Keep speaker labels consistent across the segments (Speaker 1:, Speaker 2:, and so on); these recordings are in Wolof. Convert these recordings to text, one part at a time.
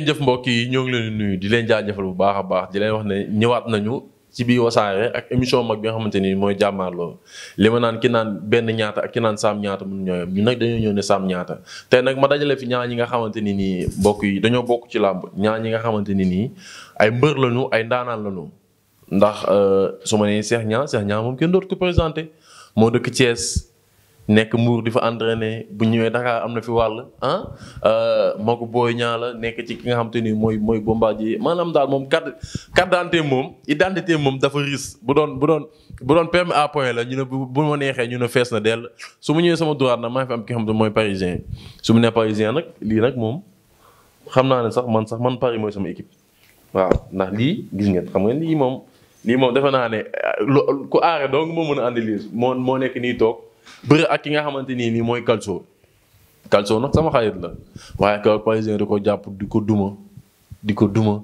Speaker 1: ngeen jëf mbokk yi ñoo ngi leen di nuyu di leen jaajëfal bu baax a baax di leen wax ne ñëwaat nañu ci biir wasaare ak émission mag bi nga xamante ni mooy jàmmaarloo li ma naan ki naan benn ñaata ak ki naan saam ñaata mun ñooyam ñu nag dañoo ñëw ne saam ñaata te nag ma dajale fi ñaar ñi nga xamante ni nii mbokk yi dañoo bokk ci làmb ñaar ñi nga xamante ni nii ay mbër lañu ay ndaanaan lañu ndax euh, su ma nee Cheikh Niang Cheikh Niang moom kenn dootu ko présenté moo dëkk Thiès nekk Mbour di fa entraîné bu ñëwee Dakar am na fi wàll ah moo ko booy ñaa la nekk ci ki nga xam ni mooy mooy Bombardier maanaam daal moom carte carte d'identité moom identité moom dafa risque bu doon bu doon bu doon permis à la ñu ne bu ma neexee ñu ne fees na dell su mu ñëwee sama na maa fi ki nga mooy parisien su mu nee parisien nag lii nag moom xam naa ne sax man sax man Paris mooy sama équipe waaw ndax lii gis ngeen xam nga lii moom lii moom defe naa ne euh, ku aare donc moo mën a andi lii moo moo nekk nii toog. bëre ak ki nga xamante nii nii mooy Calcio Calcio nag sama xarit la waaye kaw Parisien di ko jàpp di ko duma di ko duma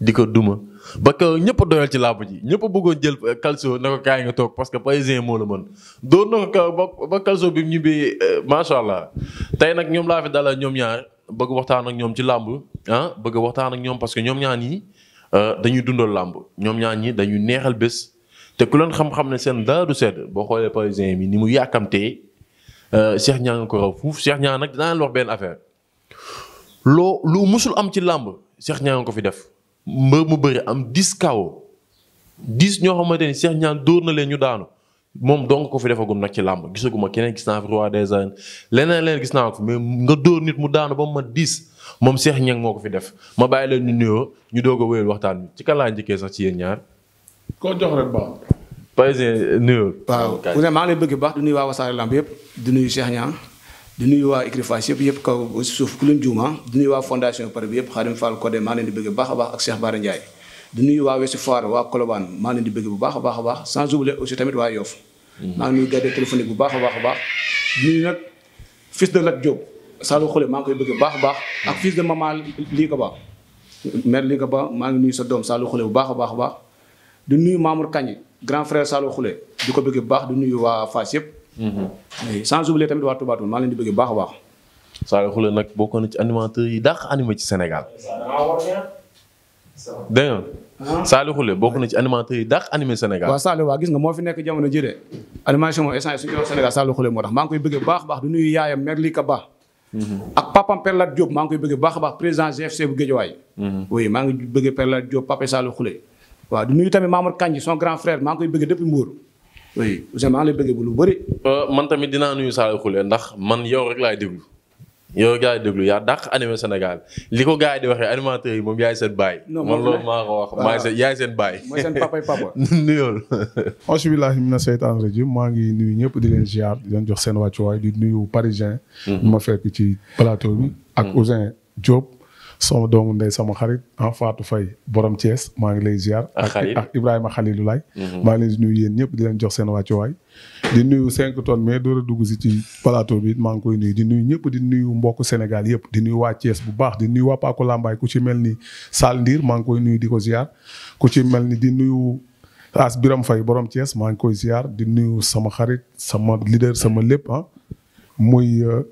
Speaker 1: di ko duma ba kaw ñëpp doyal ci làmb ji ñëpp bëggoon jël Calcio na ko ngi nga toog parce que Parisien moo la mën doon na ko kaw ba Calcio bi mu ñibbee euh, macha allah tey nag ñoom laa fi dalal ñoom ñaar bëgg waxtaan ak ñoom ci làmb ah bëgg waxtaan ak ñoom parce que ñoom ñaar nii euh, dañuy dundal làmb ñoom ñaar ñi dañuy neexal bés. te ku leen xam-xam ne seen dara du sedd boo xoolee parisien bi ni mu yàkkamtee euh, Cheikh Niang nga ko raw fuuf Cheikh Niang nag dinaa wax benn affaire loo lu musul am ci làmb Cheikh Niang ko fi def mbër mu bëri am 10 KO 10 ñoo xamante ni Cheikh Niang dóor na leen ñu daanu moom donc ko fi defagum nag ci làmb gisaguma keneen gis naa fi roi des arènes leneen leen gis naa ko fi mais nga dóor nit mu daanu ba mu mat 10 moom seex Niang moo ko fi def ma bàyyi leen ñu nuyoo ñu doo ko wéyal waxtaan bi ci kan laa njëkkee sax ci ñaar. koo jox rek baax. Parisien nuyoo. waaw maa ngi lay bëgg bu baax di nuyu waa yëpp di nuyu Cheikh Niang di nuyu waa
Speaker 2: Écurie Fass yëpp yëpp kaw suuf ku lim juuma di nuyu waa fondation Paris bi yëpp Khadim Fall Codé maa ngi leen di baax a baax ak Cheikh Bara Ndiaye di nuyu waa bëgg bu baax a baax a baax sans oublier aussi waa Yoff mhm. maa bu baax a baax a baax de Lat Diop Saalum Xule maa baax a baax ak fils de maman lii ko ba mère lii ko ba maa ngi nuyu sa doom Saalum Xule bu baax a baax a baax du nuyu Mamour kañ grand frère Salo xule
Speaker 1: di ko bëgg bu baax du nuyu waa Fass yëpp. Mhm. sans oublier tamit waa Touba Toul maa leen baax a baax. Salo Khoule nag bokkoon na ci animateurs yi dàq animé ci Sénégal. dégg nga ah. Saliou Khoule bokk na ci animateurs yi dàq animé Sénégal. waaw Saliou
Speaker 2: waa gis nga moo fi nekk jamono jii de animation moom instant suñu wax Sénégal Saliou Khoule tax maa ngi koy bëgg baax baax du nuyu yaayam mère Lika Ba. Mhm. ak papam Perlat Diop maa ngi koy bëgg baax baax président GFC bu Guédiawaye. Mhm. maa ngi bëgg Perlat Diop papa Saliou Khoule. waaw di nuyu tamit Mamour Kanji son grand frère maa koy bëgg depuis Mbour. oui Ousseyn maa ngi lay bëgg bu lu bëri.
Speaker 1: Euh, man tamit dinaa nuyu Saliou Khoulé ndax man yow rek laay déglu yow rek laay déglu yaa dàq animé Sénégal li ko gars di waxee animateur yi moom yaay seen baay. man loolu maa ko wax maa seen yaay seen baay. mooy seen papay papa. nuyool.
Speaker 3: bismillaahi mina seytaani maa ngi nuyu ñëpp di leen ziar di jox seen wàccuwaay di nuyu parisien. Mhm. ma fekk ci plateau bi. ak mhm. Ousseyn Diop. sama doomu ndey sama xarit en ah, Fatou fay borom cees maa ngi lay ziar. ak ak Ibrahima Khalilou Laye. Mhm. maa ngi leen di nuyu yéen ñëpp di leen jox seen waay di nuyu 5 tonnes mais door a dugg si ci plateau bi maa ngi koy nuyu di nuyu ñëpp di nuyu mbokku Sénégal yëpp di nuyu waa Thiès bu baax di nuyu waa Paco ku ci mel ni Sall Ndiir maa ngi koy nuyu di ko ziar ku ci mel ni di nuyu. As Biram fay borom Thiès maa ngi koy ziar di nuyu sama xarit sama leader sama lépp ah muy euh,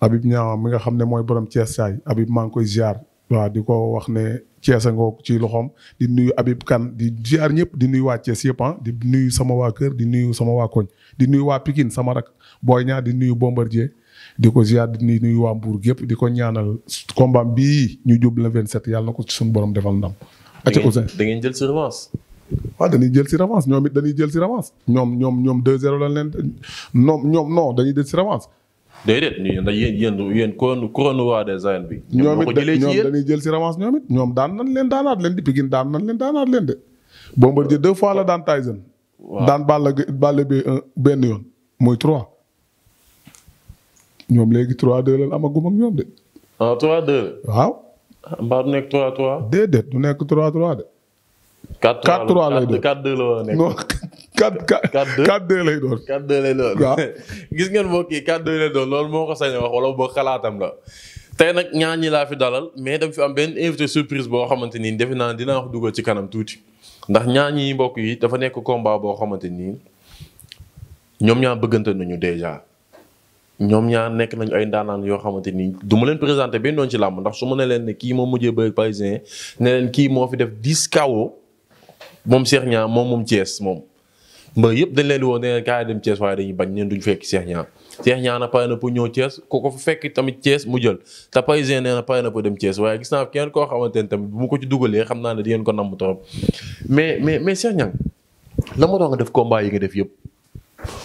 Speaker 3: Habib Niang mi nga xam ne mooy borom Thiès saay Habib maa ngi koy ziar waaw di ko wax ne Thiès a ngoog ci loxoom di nuyu Habib kan di ziar ñëpp di nuyu waa Thiès yëpp ah di nuyu sama waa kër di nuyu sama waa koñ di nuyu waa Pikine sama rak booy Niang di nuyu Bombardier di ko ziar di nuyu waa Mbour gépp di ko ñaanal combat bii ñu jub le 27 yàlla na ko ci suñu borom defal ndam. da ngeen
Speaker 1: jël si revanche. waaw ah, dañuy jël si revanche ñoom it
Speaker 3: dañuy jël si revanche. ñoom ñoom ñoom 2-0 leen ñoom ñoom non dañuy si revanche
Speaker 1: déedéet ñu ne yéen yéen yéen couronne couronne roi des arènes bi. ñoom it dañuy jël si revanche ñoom
Speaker 3: it ñoom daan nañ leen daanaat leen di Pikine daan nañ leen daanaat leen de. Bombardier deux fois la daan Tyson. waaw daan Balla Balla bi benn yoon muy trois. ñoom léegi trois deux la amagum ak ñoom de.
Speaker 1: ah trois deux. waaw. mbaa du nekk trois trois. déedéet du nekk trois de. quatre trois la war 4 4 4 lay doon. lay doon waaw. gis ngeen moo kii 4 lay doon loolu moo ko sañ wax wala boo xalaatam la. tey nag ñaar ñi laa fi dalal mais dama fi am benn invité surprise boo xamante ni defe naa dinaa wax dugal ci kanam tuuti ndax ñaar mbokk yi dafa nekk combat boo xamante nii ñoom ñaar bëggante nañu déjà. ñoom ñaar nekk nañu ay ndaanaan yoo xamante ni du ma leen présenté benn doon ci làmb ndax su ma ne leen ne kii moo mujjee bëri parisien ne leen kii moo fi def 10 KO moom Cheikh Niang moom moom Thiès moom. mbër yëpp dañ leen di woon ne leen kaay dem Thiès waaye dañuy bañ neen fekk Cheikh Niang Cheikh Niang na pare na pour ñëw Thiès ku ko fa tamit Thiès mu jël te parisien nee na pare na dem Thiès waaye gis naa koo xamante ne tamit bu mu ko ci dugalee xam naa ne ko namm torop mais mais mais Cheikh Niang la ma doon nga def combat yi nga def yëpp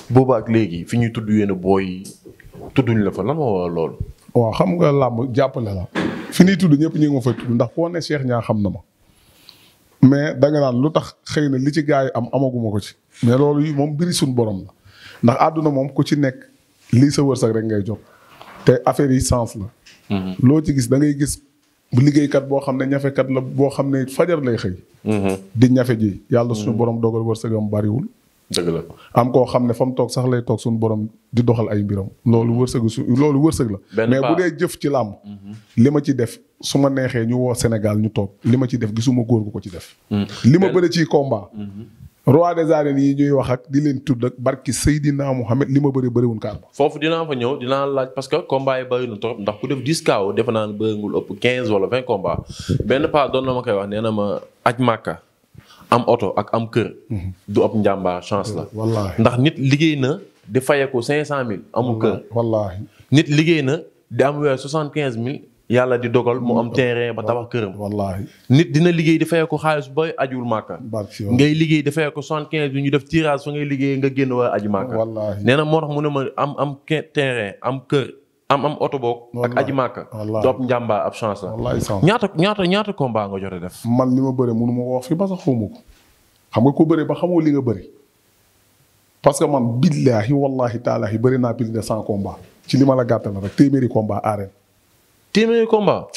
Speaker 1: boobaa ak léegi fi ñuy tudd yéen a booy tudduñ la
Speaker 3: fa lan moo waral loolu. xam nga làmb jàppale la fi ñuy tudd ñëpp ñu ngi ma fay ndax koo ne Cheikh Niang xam na ma mais da nga lu tax xëy na li ci gaa yi am amaguma ko ci mais loolu moom biri suñu borom la ndax àdduna moom ku ci nekk lii sa wërsëg rek ngay jot te affaire yi sens la. Mm-hmm. loo ci gis da ngay gis liggéeykat boo xam ne ñafekat la boo xam ne fajar lay xëy. Mm-hmm. di ñafe ji yàlla suñu mm-hmm. borom dogal wërsëgam bariwul. la am koo xam ne fa mu toog sax lay toog suñu borom di doxal ay mbiram loolu wërsëgu su loolu wërsëg la. mais bu dee jëf ci làmb. li ma ci def su ma neexee ñu woo Sénégal ñu toog li ma ci def gisuma góor gu ko ci def. li ma bëri ci combat. roi des arènes yi ñuy wax ak di leen tudd ak barki Seydina Mohamed li ma bëri bëriwul kaar ma
Speaker 1: foofu dinaa fa ñëw dinaa laaj parce que combat yi bëri na trop ndax ku def 10 KO defe naa ne bëriwul ëpp 15 wala 20 combat benn paa doon na ma koy wax neena na ma aj màkka am oto ak am kër. du ëpp njàmbaar chance la. wallaahi ndax nit liggéey na di fayeeku mille amul kër nit liggéey na di am weer mille yàlla di dogal mu am mm. terrain ba tabax këram. wallaahi nit dina liggéey di ko xaalis ba ajul màkka ngay liggéey di ko soixante quinze bi ñu def tirage fa ngay liggéey nga génn waa aji màkka wallaahi nee na moo tax mu ne ma am am terrain am kër oto boog. ak aji màkka topp njàmbaar ab chance la. ñaata ñaata ñaata
Speaker 3: combat nga jot a def. man li ma bëre mënu ma ko wax fi ba sax xawma ko xam nga ko bari ba xamoo li nga bëri parce que man billaahi wallaahi taalaahi bari naa plus de cent combat ci li ma la rek téeméeri combat arène téeméeri combat.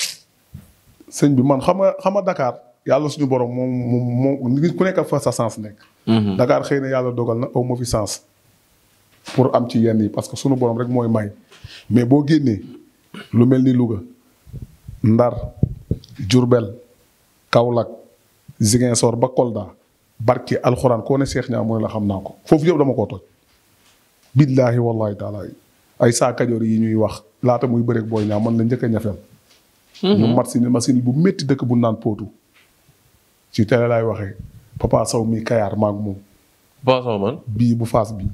Speaker 3: sëñ bi man xam nga xam nga yàlla suñu borom moom moom moom ku nekka fa sa sens nekk. Mhm. dakaar xëy na yàlla dogal na aw ma fi sens. pour am ci yenn yi parce que suñu borom rek mooy may mais boo génnee lu mel ni Louga Ndar jurbel Kaolack Ziguinchor ba Kolda barki alxuraan koo ne Cheikh Niang mu ne la xam naa ko foofu yëpp dama koo toj. billaahi wallaahi taala ay saa kajoor yi ñuy wax laata muy bëreeg booy ñaa man la njëkk a ñafeel mhm. ñu mat si machine bu métti dëkk bu naan pootu ci télé laay waxee papa saw mi kayaar maag moom papa saw man bii bu faas bi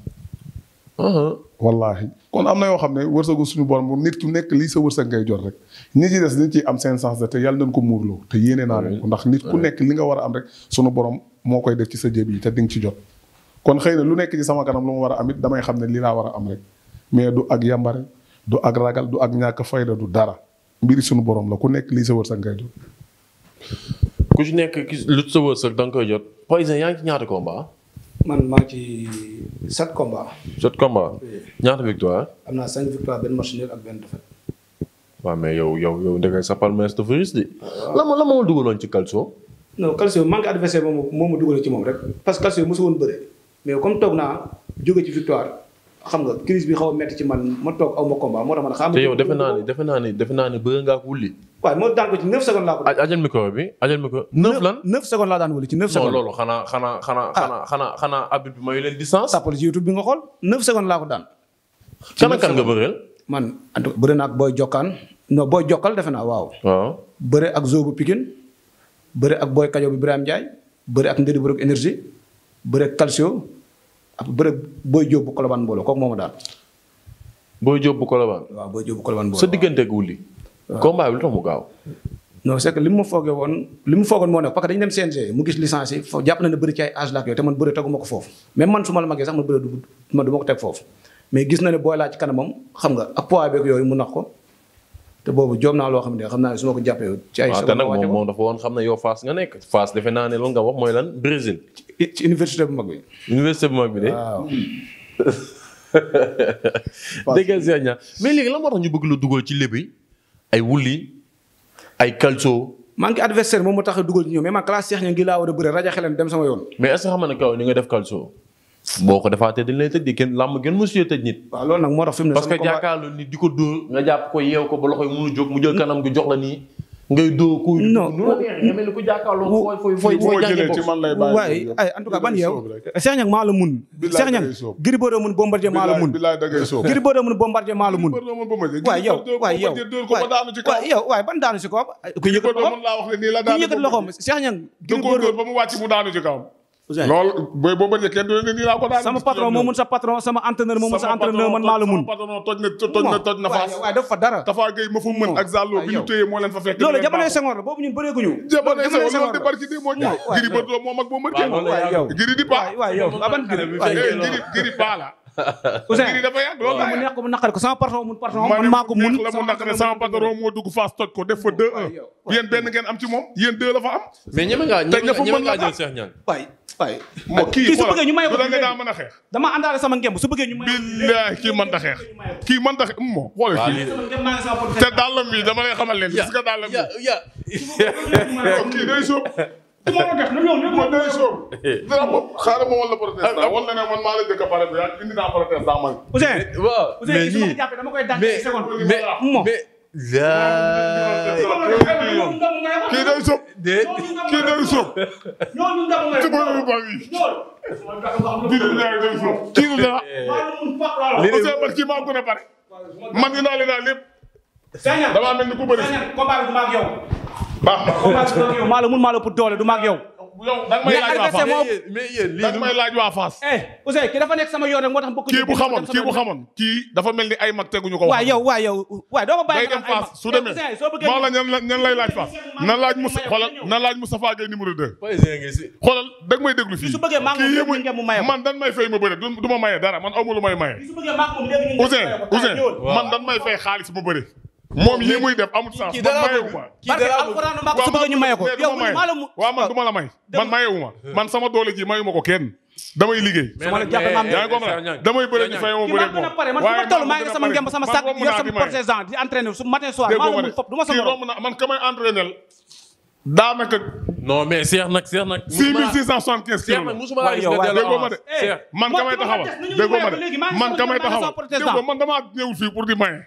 Speaker 3: uh-huh. wallaahi kon am na yoo xam ne wërsëgu suñu borom bu nit ku nekk lii sa wërsëg ngay jot ci am seen sens te yàlla ko muurloo te ko ndax nit ku nekk li nga war a am rek suñu borom moo koy def ci sa jëb yi te di nga ci jot kon xëy na lu nekk ci sama kanam lu ma war a amit damay xam ne lii laa war a am rek mais du ak yàmbare du ak ragal du ak ñàkk fayda du dara mbiri suñu borom la ku nekk lii sa wërsëg ngay jot.
Speaker 1: ku ci nekk lu sa wërsëg da koy jot. Poizin yaa ngi ci ñaata combat. man maa
Speaker 2: ci sept combat.
Speaker 1: sept combat ñaata victoire.
Speaker 2: am naa cinq victoire benn match nul ak benn défaite.
Speaker 1: waa mais yow yow yow ndekay sa palmarès dafa riche la waaw lan moo lan moo dugaloon ci Calcio.
Speaker 2: non Calcio manque adversaire moom moo ma dugaloon ci moom rek. parce que Calcio mosu woon bëre mais comme toog naa jóge ci xam nga crise bi xaw a métti ci man ma toog aw ma moo tax man. xam nga naa
Speaker 1: ni defe naa ni defe naa ni bëgg ngaa ko wulli. waaw moo daan ko ci 9 secondes laa ko. daan wulli ci 9 ah. secondes. laa ko daan. ci nga bëreel. man
Speaker 2: bëri na ak booy jokkaan non booy jokkal defe naa waaw. waaw bëri ak zoo bu Pikine bëri ak booy kajo bu Ibrahima Ndiaye bëri ak ndëri bëri ak énergie bëri ak calcio ak bërëb booy jóob bu kolobaan mbooloo kooku moomu daal. booy jóob bu kolobaan. waaw booy jóob bu kolobaan mbooloo sa digganteeg wulli. waaw combat bi lu tax mu gaaw. non c'est li mu ma foogee woon li mu foogoon moo nekk parce que dañu dem CNG mu ko foofu même man su ma la magee sax man bëri du gis na ne booy laa ci kanamam xam nga ak poids beeg ko loo xam ne xam naa ne su ma ko dafa
Speaker 1: naa ne loolu nga wax mooy lan Brésil. ci université bu mag bi. université bu mag bi de. waaw. dégg nga sëñ mais léegi lan moo tax ñu bëgg la dugal ci lébi ay wulli ay calcio. maa ngi adversaire
Speaker 2: moom moo tax a dugal ci ñoom mais man classe Cheikh ña ngi laa war a bëre rajo xelam dem sama yoon.
Speaker 1: mais est ce que nga kaw ni nga def calcio. boo ko defaatee dañ lay tëj di kenn làmb gën mosu tëj nit. waaw loolu nag moo tax fi mu ne parce que jàkkaarloo nit di ko dóor nga jàpp ko yeew ko ba loxo jël kanam gi jox la nii. ngay doo ku. non ku fooy fooy jàngee foofu waaye ay en tout cas ban yow. Cheikh Niang maa la
Speaker 2: mun. Cheikh Niang Gris Bordeaux mun Bombardier maa la mun. Gris Bordeaux mun Bombardier maa la mun.
Speaker 1: waay
Speaker 3: yow waay yow
Speaker 2: waay ban daanu ci ku yëkkati loxoom
Speaker 3: ku yëkkati loxoom Cheikh ba mu wàcc mu daanu ci loolu booy boo bëggee kenn du ne nii laa ko sama patron moo sa
Speaker 2: patron sama entraîneur moo sa entraîneur man maa mun.
Speaker 3: toj na toj na toj na faas. waaye dafa dara. Tafa Gueye ma fa mën ak Zallo loolu jamonoy Senghor
Speaker 2: boobu ñun bëree guñu.
Speaker 3: jamonoy Senghor di barki giri di paa.
Speaker 2: waay yow ban giri. Eh, giri paa
Speaker 1: Ousseyn
Speaker 3: mu neex ko
Speaker 2: mu naqari ko sama patron mun patron man maa ko mun. sama patron sama patron
Speaker 3: moo dugg Fass toj ko def fa 2-1. yéen benn ngeen am ci moom yéen 2 fa am.
Speaker 2: moo kii su da nga
Speaker 3: daa a xeex. dama àndaale sama kii mën ta xeex. kii mën ta xeex mmm, moo. xoolal kii te dàllam bi dama lay xamal leen. ya kii day sóob moo def na ñoom ñoom man dana sóob dina ko xaaral ma wala protestant ah, ah. wala ne man maa la jëkk a pare bi yaa indi naa protestant man
Speaker 2: Ousseyn waaw Ousseyn su ma ko jàppee dama koy dànk ci seconde mais mais kii day sóob kii day sóob ñooñu ndax mooy tubaab ba wi billahi day sóob kii du eh. dara Ousseyn man
Speaker 3: kii maa gën a pare man dinaa leen daal lépp damaa mel ni ku bëri combat bi du ma ak yow baax na maa
Speaker 2: la mun maa la sama yoon rek moo tax mbokku. kii bu xamoon kii bu xamoon ko. waaw yow waaw yow waaw doo ko bàyyi. day
Speaker 1: dem eh, la
Speaker 2: ñan lay laaj Fass. na laaj Moussa xoolal
Speaker 3: na laaj Moustapha Gueye numéro 2. xoolal da nga may déglu fii. su bëggee man dan may fay ma bëre du ma maye dara man aw may maye.
Speaker 2: Ousseyn Ousseyn man dan may fay
Speaker 3: xaalis ma bëre moom lii muy def amul sens man mayewu kii dara ñu mu waaw man du ma la may man mayewu ma man sama doole ji mayu ko kenn damay liggéey. mais nag yaa ngi ko mën damay bëre ñu fayoo bëre moom waaye man maa ngi sama ngemb sama sac di entraîner su matin soir maa mu fop du ma man ka may
Speaker 1: daanaka. non mais Cheikh nag Cheikh nag. 6675 kilos la musuma la gis nga déggoo ma de.
Speaker 3: man kamay taxawal déggoo ma de man kamay taxawal déggoo man damaa ñëw fii pour di maye.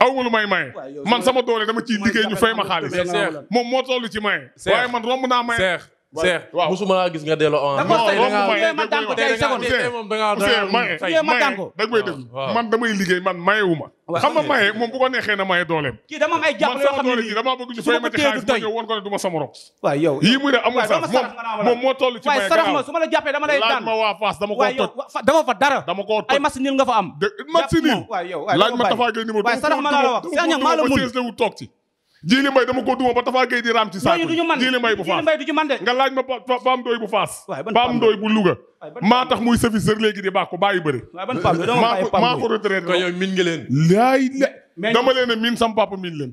Speaker 3: aw ma lu may maye. man sama doole dama ciy liggéey ñu fay ma xaalis. moom moo toll ci maye. waaye man
Speaker 1: romb naa maye. seex musuma laa gis nga delloo orange. man daan ko tey seconde man
Speaker 3: man man mayewuma. xam nga maye na ma ci xaalis ma ko ne du ma sama morom.
Speaker 2: waaw yow yii muy ne amul sax moo toll ci maye gaaw su ma la jàppee dama lay daan ma waa Fass dama fa dara ay match nga fa am. match nil laaj ma Tafa Gueye numéro. waaye sarax ma la
Speaker 3: wax Jili Mbaye dama ko duma ba Tafa Gueye raam ci saako Jili Mbaye bu faas nga laaj ma Pam Ndoye bu faas Pam Ndoye bu Louga maa tax muy serviceur léegi di baax ko bàyyi bëri maa ko retraité kon yow min nga laay la dama leen a miin sam papa miin leen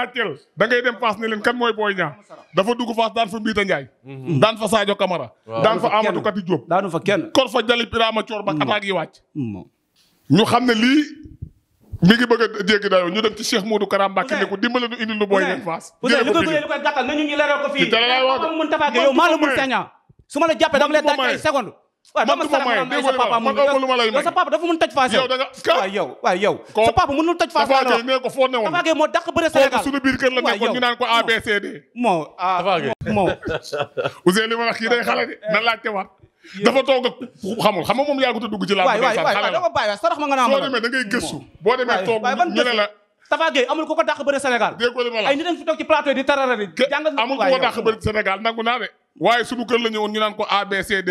Speaker 3: laajteel da ngay dem Fass ne leen kan mooy Boy Niang dafa dugg Fass daan fa Mbiita Njaay mhm. daan fa Sadio Camara daan fa Amadou Kati Diop daanu fa kenn kor fa Jali Birama Coor bak mm. attaque yi wàcc mm. ñu xam ne lii mi ngi bëgg a jéggi dayoo
Speaker 2: ñu dem ci Cheikh Modou Karam Mbacke ne ko dimbale nu indil nu Boy Niang Fass jëlee ko bili ko gàttal nañu ñu leeral ko fii Moustapha Gueye yow maa la mën sañaa su ma la jàppee dama lay daaj ay seconde waaw dama ma sa papa man amul lu ma lay may sa papa dafa mën toj faas yow da nga waay yow waay yow sa papa mënul toj faas la Tafa ko foo newoon Tafa Gueye moo dàq bëre Sénégal moo Tafa
Speaker 1: ah,
Speaker 3: li ma wax kii day xale de na laajte waat dafa toog ak xamul xam nga moom yaaguta dugg ci laa waay waay waay ma
Speaker 1: nga naa soo demee boo demee toog ñu
Speaker 2: Tapha Gueye amul ku ko dàq bëri Sénégal. ay nit a ngi fi toog ci plateau di tarara di. jàngal amul ku ko dàq bëri
Speaker 3: Sénégal nangu naa de. waaye sunu kër la ñëwoon ñu naan ko ABCD.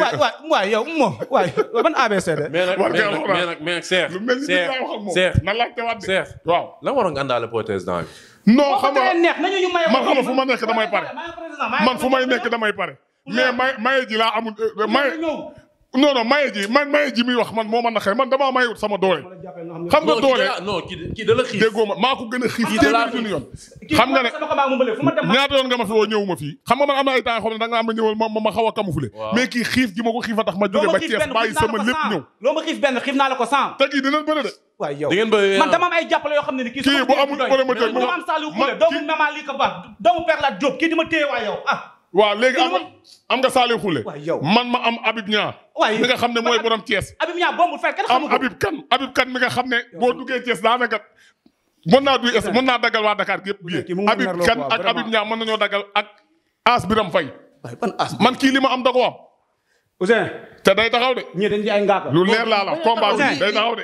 Speaker 3: waay yow moom waay ban
Speaker 1: ABCD. war ngaa wax mais nag na
Speaker 3: laajte waat de. Cheikh
Speaker 1: waaw lan waroon nga àndaale prothèse dent bi.
Speaker 3: non xam man fu ma nekk damay pare. man fu may nekk damay pare. mais may maye ji laa amul euh, maye. non non maye ji man maye ji muy wax man moo mën na xëy man damaa mayewut sama doole.
Speaker 1: xam nga doole non kii
Speaker 3: maa ko gën a xiif téeméer junni yoon. xam nga ne ñaata yoon nga ma fi woo ñëw fii. xam nga man am na ay temps xam ne da am na ñëwal ma ma xaw a camoufler. kii xiif gi ma ko xiif a tax ma jóge ba
Speaker 2: xiif benn xiif naa la ko cent. te bëre de. man dama am jàppale yoo xam ne ni kii bu amul promoteur dama am Saliou Khoule doomu Mama Lika Ba doomu Père
Speaker 3: waaw léegi am am nga Saliou Khoule. man ma am Habib Niang. mi nga xam ne mooy borom Thiès. Habib Niang bombul fenn kenn xamu ko am Habib Kane Habib Kane mi nga xam ne boo duggee Thiès daanaka. mën naa duy est mën naa daggal waa Dakar gépp bi Habib Kane ak Habib Niang mën nañoo daggal ak As Biram Faye. man kii li ma am da ko am. Ousseyn. te day taxaw de. ñii dañ ci lu leer laa la combat bi day taxaw de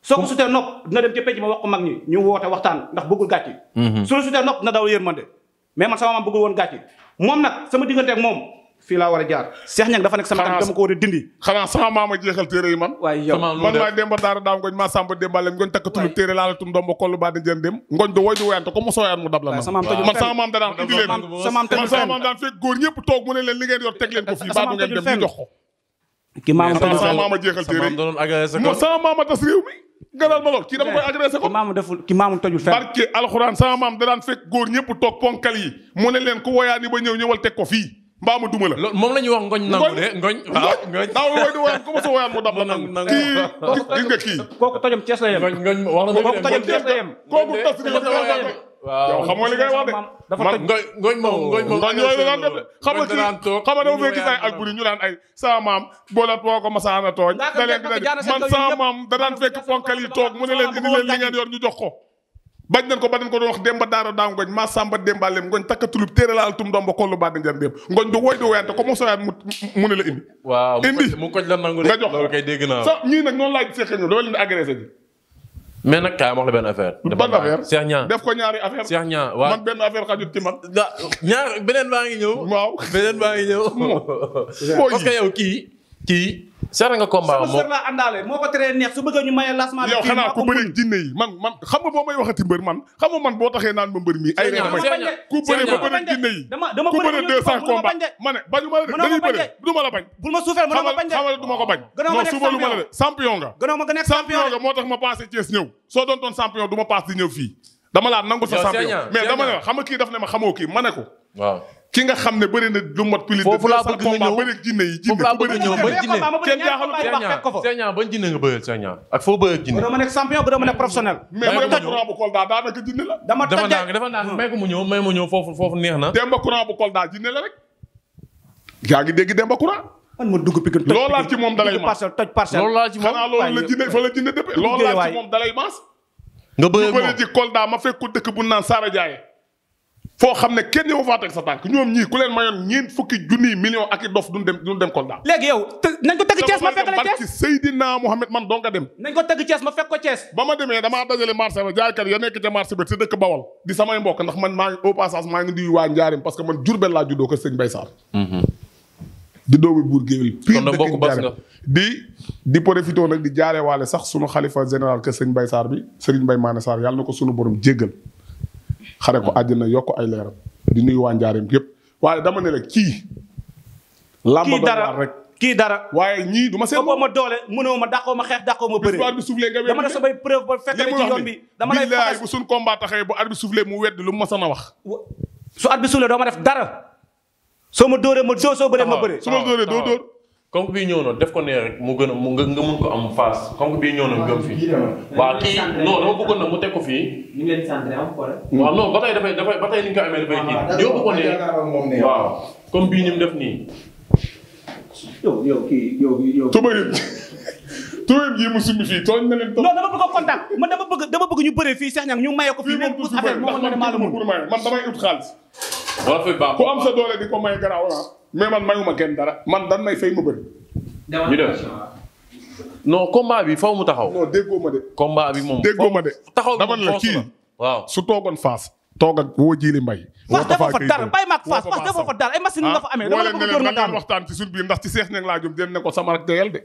Speaker 2: soo ko sutee nopp dina dem ca penc ma wax ko mag ñi ñu woote waxtaan ndax bëggul gàcc mhm. su sutee nopp na daw yërmande mais man sama a jaar Cheikh Niang dafa nekk sama tànk dama ko war a dindi a
Speaker 3: jeexal téere yi man waaye yow maam da daan leen man sama maam fekk góor ñëpp toog mu ne leen li ngeen yor teg ko fii baa du ngeen dem ñu jox ko
Speaker 1: ki maam sama
Speaker 3: maam a tas réew mi nga daal ma lool kii dama koy agressé ko. ki maamu deful ki maamu tojul fenn. barke alxuraan sama maam da daan fekk góor ñëpp toog ponkal yi mu ne leen ku woyaani ba ñëw ñëwal teg ko fii. mbaamu duma la loolu moom la wax ngoñ nangu de
Speaker 1: ngoñ waaw ngoñ daaw wooy di
Speaker 3: woyaan ku ma sa woyaan mu dab la nangu
Speaker 1: kii gis nga kii kooku tojam Cees la yem ngoñ ngoñ wax kooku
Speaker 3: tojam Cees
Speaker 1: la waaw xam nga li ngay wax de. dafa toj ngooñ ngooñ moom oh. ngooñ moom. ngooñ yooyu daan def
Speaker 3: nga la boo ko masaana tooñ. da leen di man sama maam da daan fekk ponkal yi toog jox ko. bañ nañ ko ba nañ ko daa ngoñ ma samba demba lem ngoñ takka tulub téere la doo leen di agressé ji
Speaker 1: mais nag kaay ma wax la benn affaire. ban def ko ñaari affaire Cheikh Niang waaw man benn
Speaker 3: affaire xajut ci man. ñaar beneen
Speaker 1: baa ngi ñëw. waaw beneen baa ngi ñëw. parce que yow kii. kii. seetlu nga combat moom sama sër
Speaker 2: laa àndaale moo ko teree neex su bëggee ñu maye lancement
Speaker 3: bi. yow xanaa ku bëri
Speaker 1: jinne yi man man xam nga
Speaker 3: boo may waxati mbër man xam man boo taxee naan ma mbër mi. ay reen damay ku bëri ba bëri jinne yi.
Speaker 1: dama dama ma bañ
Speaker 3: de ma ne bañu ma la du ma la bañ. bul ma suufeel ma bañ de ko bañ. gënoo ma nekk champion non suufalu ma la de champion nga. gënoo a champion nga moo tax ma passé Thiès ñëw soo doon doon champion du ma ñëw fii dama laa nangul sa champion mais dama ne xam nga kii daf ne ma xamoo kii ma waaw ki nga xam ne bëri na lu mot. pili foofu laa bëgg nga ñëw bëri jinne ko la dama tajee
Speaker 1: dafa naan may foofu foofu neex na Demba courant bu
Speaker 3: Kolda jinne la rek yaa ngi dégg Demba courant man ma dugg Pikine toj ci moom dalay maas toj parcelle loolu nga bëree moom ji Kolda ma fekk ko dëkk bu naan Saara Jaaye foo xam ne kenn ñëw faa teg sa tànk ñoom ñii ku leen mayoon ñeent fukki junniy million ak i dof duñ dem duñ dem léegi yow nañ ko teg Thiès ma fekk man doo nga dem. nañ ko teg Thiès ma fekk ba ma demee damaa dajale marché ba jaaykat ya nekk ca marché ba te dëkk Bawol di samay mbokk ndax man maa ngi au passage maa ngi nuyu waa Njaarim parce que man Jurbel laa juddoo ko sëñ Bay Sarr mm-hmm. di doomu buur géwél pire dëkk di di profité nag di jaaree waale sax sunu xalifa général que sëñ bay saar bi sëriñ Mbaye Maane Sarr yàlla na ko sunu borom jéggal xare ko àjjana yokk ay leeram di nuyu waa Njaareem yëpp
Speaker 2: waaye dama ne la kii. làmb doy waar rek kii dara waaye ñii du ma seen. ma doole mënoo ma dàqoo ma xeex ma bëree. bis bu arbitre soufflé nga wedd dama ne samay preuve ba fekk bi. dama lay
Speaker 3: bu suñ combat taxee bu arbitre soufflé mu wedd lu mu ma sama wax. su arbitre soufflé doo ma def dara.
Speaker 1: soo ma dóoree ma soo soo bëree ma bëree. su ma dóoree doo comme bii ñëw na def ko nee rek mu gën a mu nga mun ko am face comme bii ñëw na mu fii. waaw kii non na mu teg ko fii. ñu ngi leen di sant am ko rek. ba tey dafay dafay ba ni ñu ko amee dafay kii ah, ñoo ko nee waaw comme bii ni mu def nii. yow yow kii yow yow. tuwéem
Speaker 2: gii mu sumb fii tooñ na leen. non dama a man dama bëgg dama bëgg ñu bëree fii Cheikh Niang ñu maye ko. fii moom affaire moom man maa man damay ut xaalis
Speaker 1: ku am sa
Speaker 3: doole di ko may garaaw la mais man mayuma kenn dara man dan may fay ma bëri. ñu dem
Speaker 1: non combat bi faw mu taxaw. non déggoo ma de. combat bi moom déggoo ma de. taxaw bi moom la kii
Speaker 3: waaw su toogoon Fass. toog ak woo jiili mbay. woo dafa fa dara bàyyi ma
Speaker 1: ak Fass Fass dafa
Speaker 3: fa dara ay machine nga fa ah, amee. dama la ko doon waxtaan ci suñu biir ndax ci sees ña laa jëm den ne ko sama rek doyal de.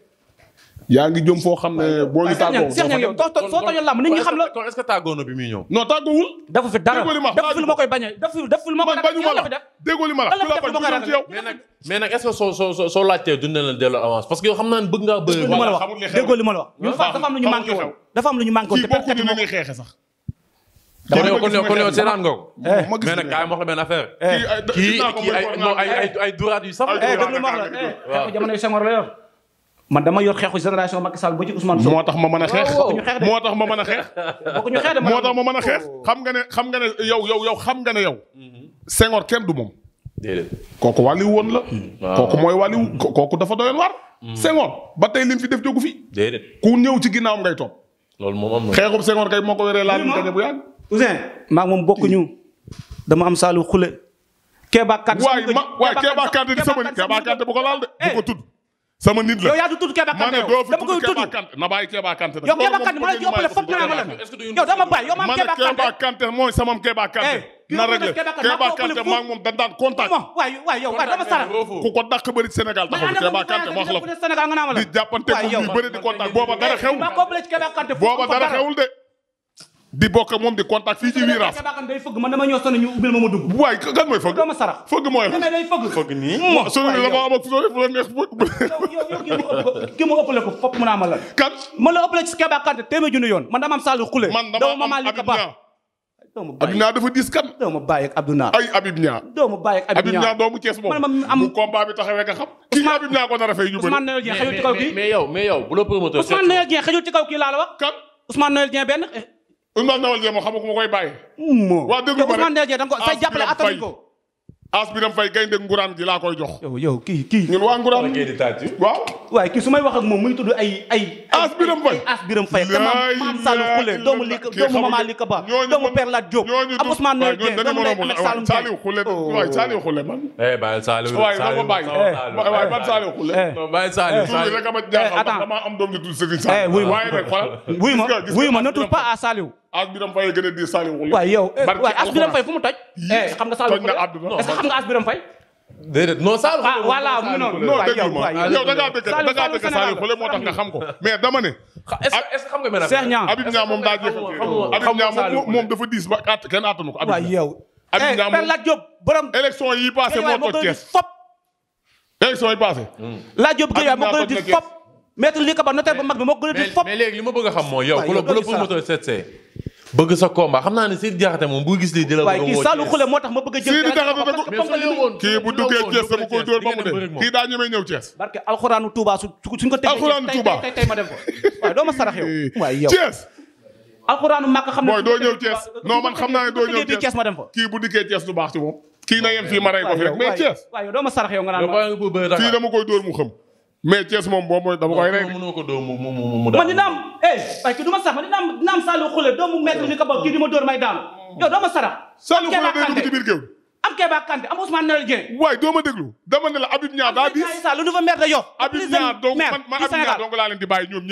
Speaker 3: yaa ngi jëm foo xam ne boo ngi tàggoo. Cheikh Niang yow soo tojee làmb nit ñi xam la.
Speaker 2: kon est-ce que tàggoo na bi muy ñëw. non tàggoowul. defu fi dara defu lu ma koy bañee defu defu lu ma koy bañu ma la déggoo li ma la fi la bañ ci
Speaker 1: yow. mais nag mais nag est-ce que soo soo soo laajtee duñ leen delloo avance parce que yow xam naa ne bëgg ngaa bëri. déggoo li ma la wax ñun Fass dafa am lu ñu manqué woon.
Speaker 2: dafa am lu ñu manqué woon te perte bi moo xeexe sax.
Speaker 1: dama ne ko kon yow seetaan nga ko. mais nag kaay ma wax la benn affaire. kii kii ay ay ay duraat yu sax. déglu ma wax la jamono
Speaker 2: yu Senghor la yor man dama yor xeexu génération Macky Sall ba ci Ousmane
Speaker 3: moo tax ma mën a xeex moo tax ma man a xeex.
Speaker 1: bokkuñu moo tax ma mën a xeex.
Speaker 3: Oh. xam nga ne xam nga ne yow yow yow xam nga ne yow. Mhm. Senghor kenn du moom. kooku wàlliw woon la. kooku mooy wàlliw mhm. kooku dafa doyoon waar. Mhm. Senghor ba tey
Speaker 2: lim fi def jógu fi. déedéet ku ñëw ci ginnaawam ngay toog. loolu moom am
Speaker 1: na xeexum
Speaker 3: Senghor kay moo ko wéree laal nga
Speaker 2: bu yàgg. Ousseyn maa moom bokkuñu dama am Saalum xule. Kéba Kanté
Speaker 3: sama nit Kéba Kanté bu ko laal de bu eh. sama nit la yow yaa du tudd Keba Kanté yow dama koy na bàyyi Keba Kanté yow Keba Kanté ma lay jàppale ma la yow dama bàyyi yow mooy sama Keba Kanté eh, na réglé Keba Kanté maa ngi moom contact waay yow waay dama sara ku ko dàq bëri Sénégal taxaw Keba Kanté ma wax la ko di jàppante ko ñu bëri di contact booba dara eh, xewul booba dara xewul de di bokk moom di contact fii ci Wiraas. man dama ñëw sonn ñu ubbil ma a dugg. waaye kan mooy fëgg. dama sarax mooy.
Speaker 2: fëgg. fëgg ma am ak soo la a amal la. kan man la ëppale ci Keba Kanté téeméer junni yoon man dama am Saliou Khoulé. man dama am
Speaker 3: Abidina Abidina dafa diis kan. doo ma bàyyi ak Abidina. ay
Speaker 2: Habib Niang. ma bàyyi ak Habib Niang Habib Niang doomu Thiès moom. man bu combat bi taxawee nga xam. kii Habib Niang ko nar a fay ñu bëri. Ousmane Noël Dieng ci kaw kii mais la wax. kan Ousmane Noël Dieng benn Ousmane Nawal Dieng moom xam nga ku ma koy bàyyi. moo waaw déglu ma rek da nga ko say jàppale attanu ko. as biram fay
Speaker 3: gaynde nguraan gi laa koy jox. yow yow kii kii. ñun waa nguraan waaw. waaye kii su may wax ak moom
Speaker 2: muy tudd ay ay. as biram fay as biram fay. maam maam Saalum Khoule doomu li doomu Mama Ali Kaba doomu Père Lat Diop. ñooñu du Ousmane Nawal Dieng doomu ndey Ahmed Saloum Saliou
Speaker 3: Khoule oh. waay Saliou Khoule
Speaker 2: man.
Speaker 1: eh Baye Saliou waay na ma bàyyi eh, waay man Saliou Khoule. Eh. non Baye Saliou eh, Saliou tur bi rek a ma
Speaker 3: jaaxal man damaa am doom di tudd Serigne Saliou. waaye nag xoolal. wuy ma wuy ma ne tudd pas à Saliou as biram fay gën a di Saliou waaye yow waaye as biram fay fu
Speaker 2: mu toj. xam nga Saliou toj na àdduna est-ce que xam nga as fay.
Speaker 3: déedéet non Saliou. voilà mu noonu non dégg nga yow da moom dafa diis ba at kenn attanu ko. waaye yow. Habib Lat Diop borom. élection yi passé moo toj Thiès.
Speaker 2: élection yi passé. Lat Diop Guèye moo gën a di fop. maître Lika Ba notaire ba mag bi
Speaker 1: moo gën a di fop. mais léegi li ma bëgg a xam mooy yow bu la bu la promoteur seetsee bëgg sa combat xam naa ne Sidi Diakhaté moom bu gis lii di la bëgg a woo kii Saalum Khoule
Speaker 2: moo tax ma bëgg a jël kii bu kii ma xam ne doo ñëw man xam naa ne doo ñëw ma
Speaker 3: dem fa bu dikkee Thiès du baax ci moom kii na yem fii ma rey ko fi rek mais Thiès
Speaker 2: waaye doo ma sarax yow nga naan fii dama koy dóor mu xam mais Thiès moom boo mooy dama koy rey. mënoo ko dóor mu mu mu mu man ni eh, ko bokk kii ma dóor may daanu yow doo ma sarax. Saliou Khoulé day dugg ci biir géew. am Kéba Kanté am Ousmane Noël Dieng. waaye doo ma déglu dama ne la Habib daa diis. lu nouveau maire de Yoff. Habib Niang donc man
Speaker 3: man di bàyyi ñoom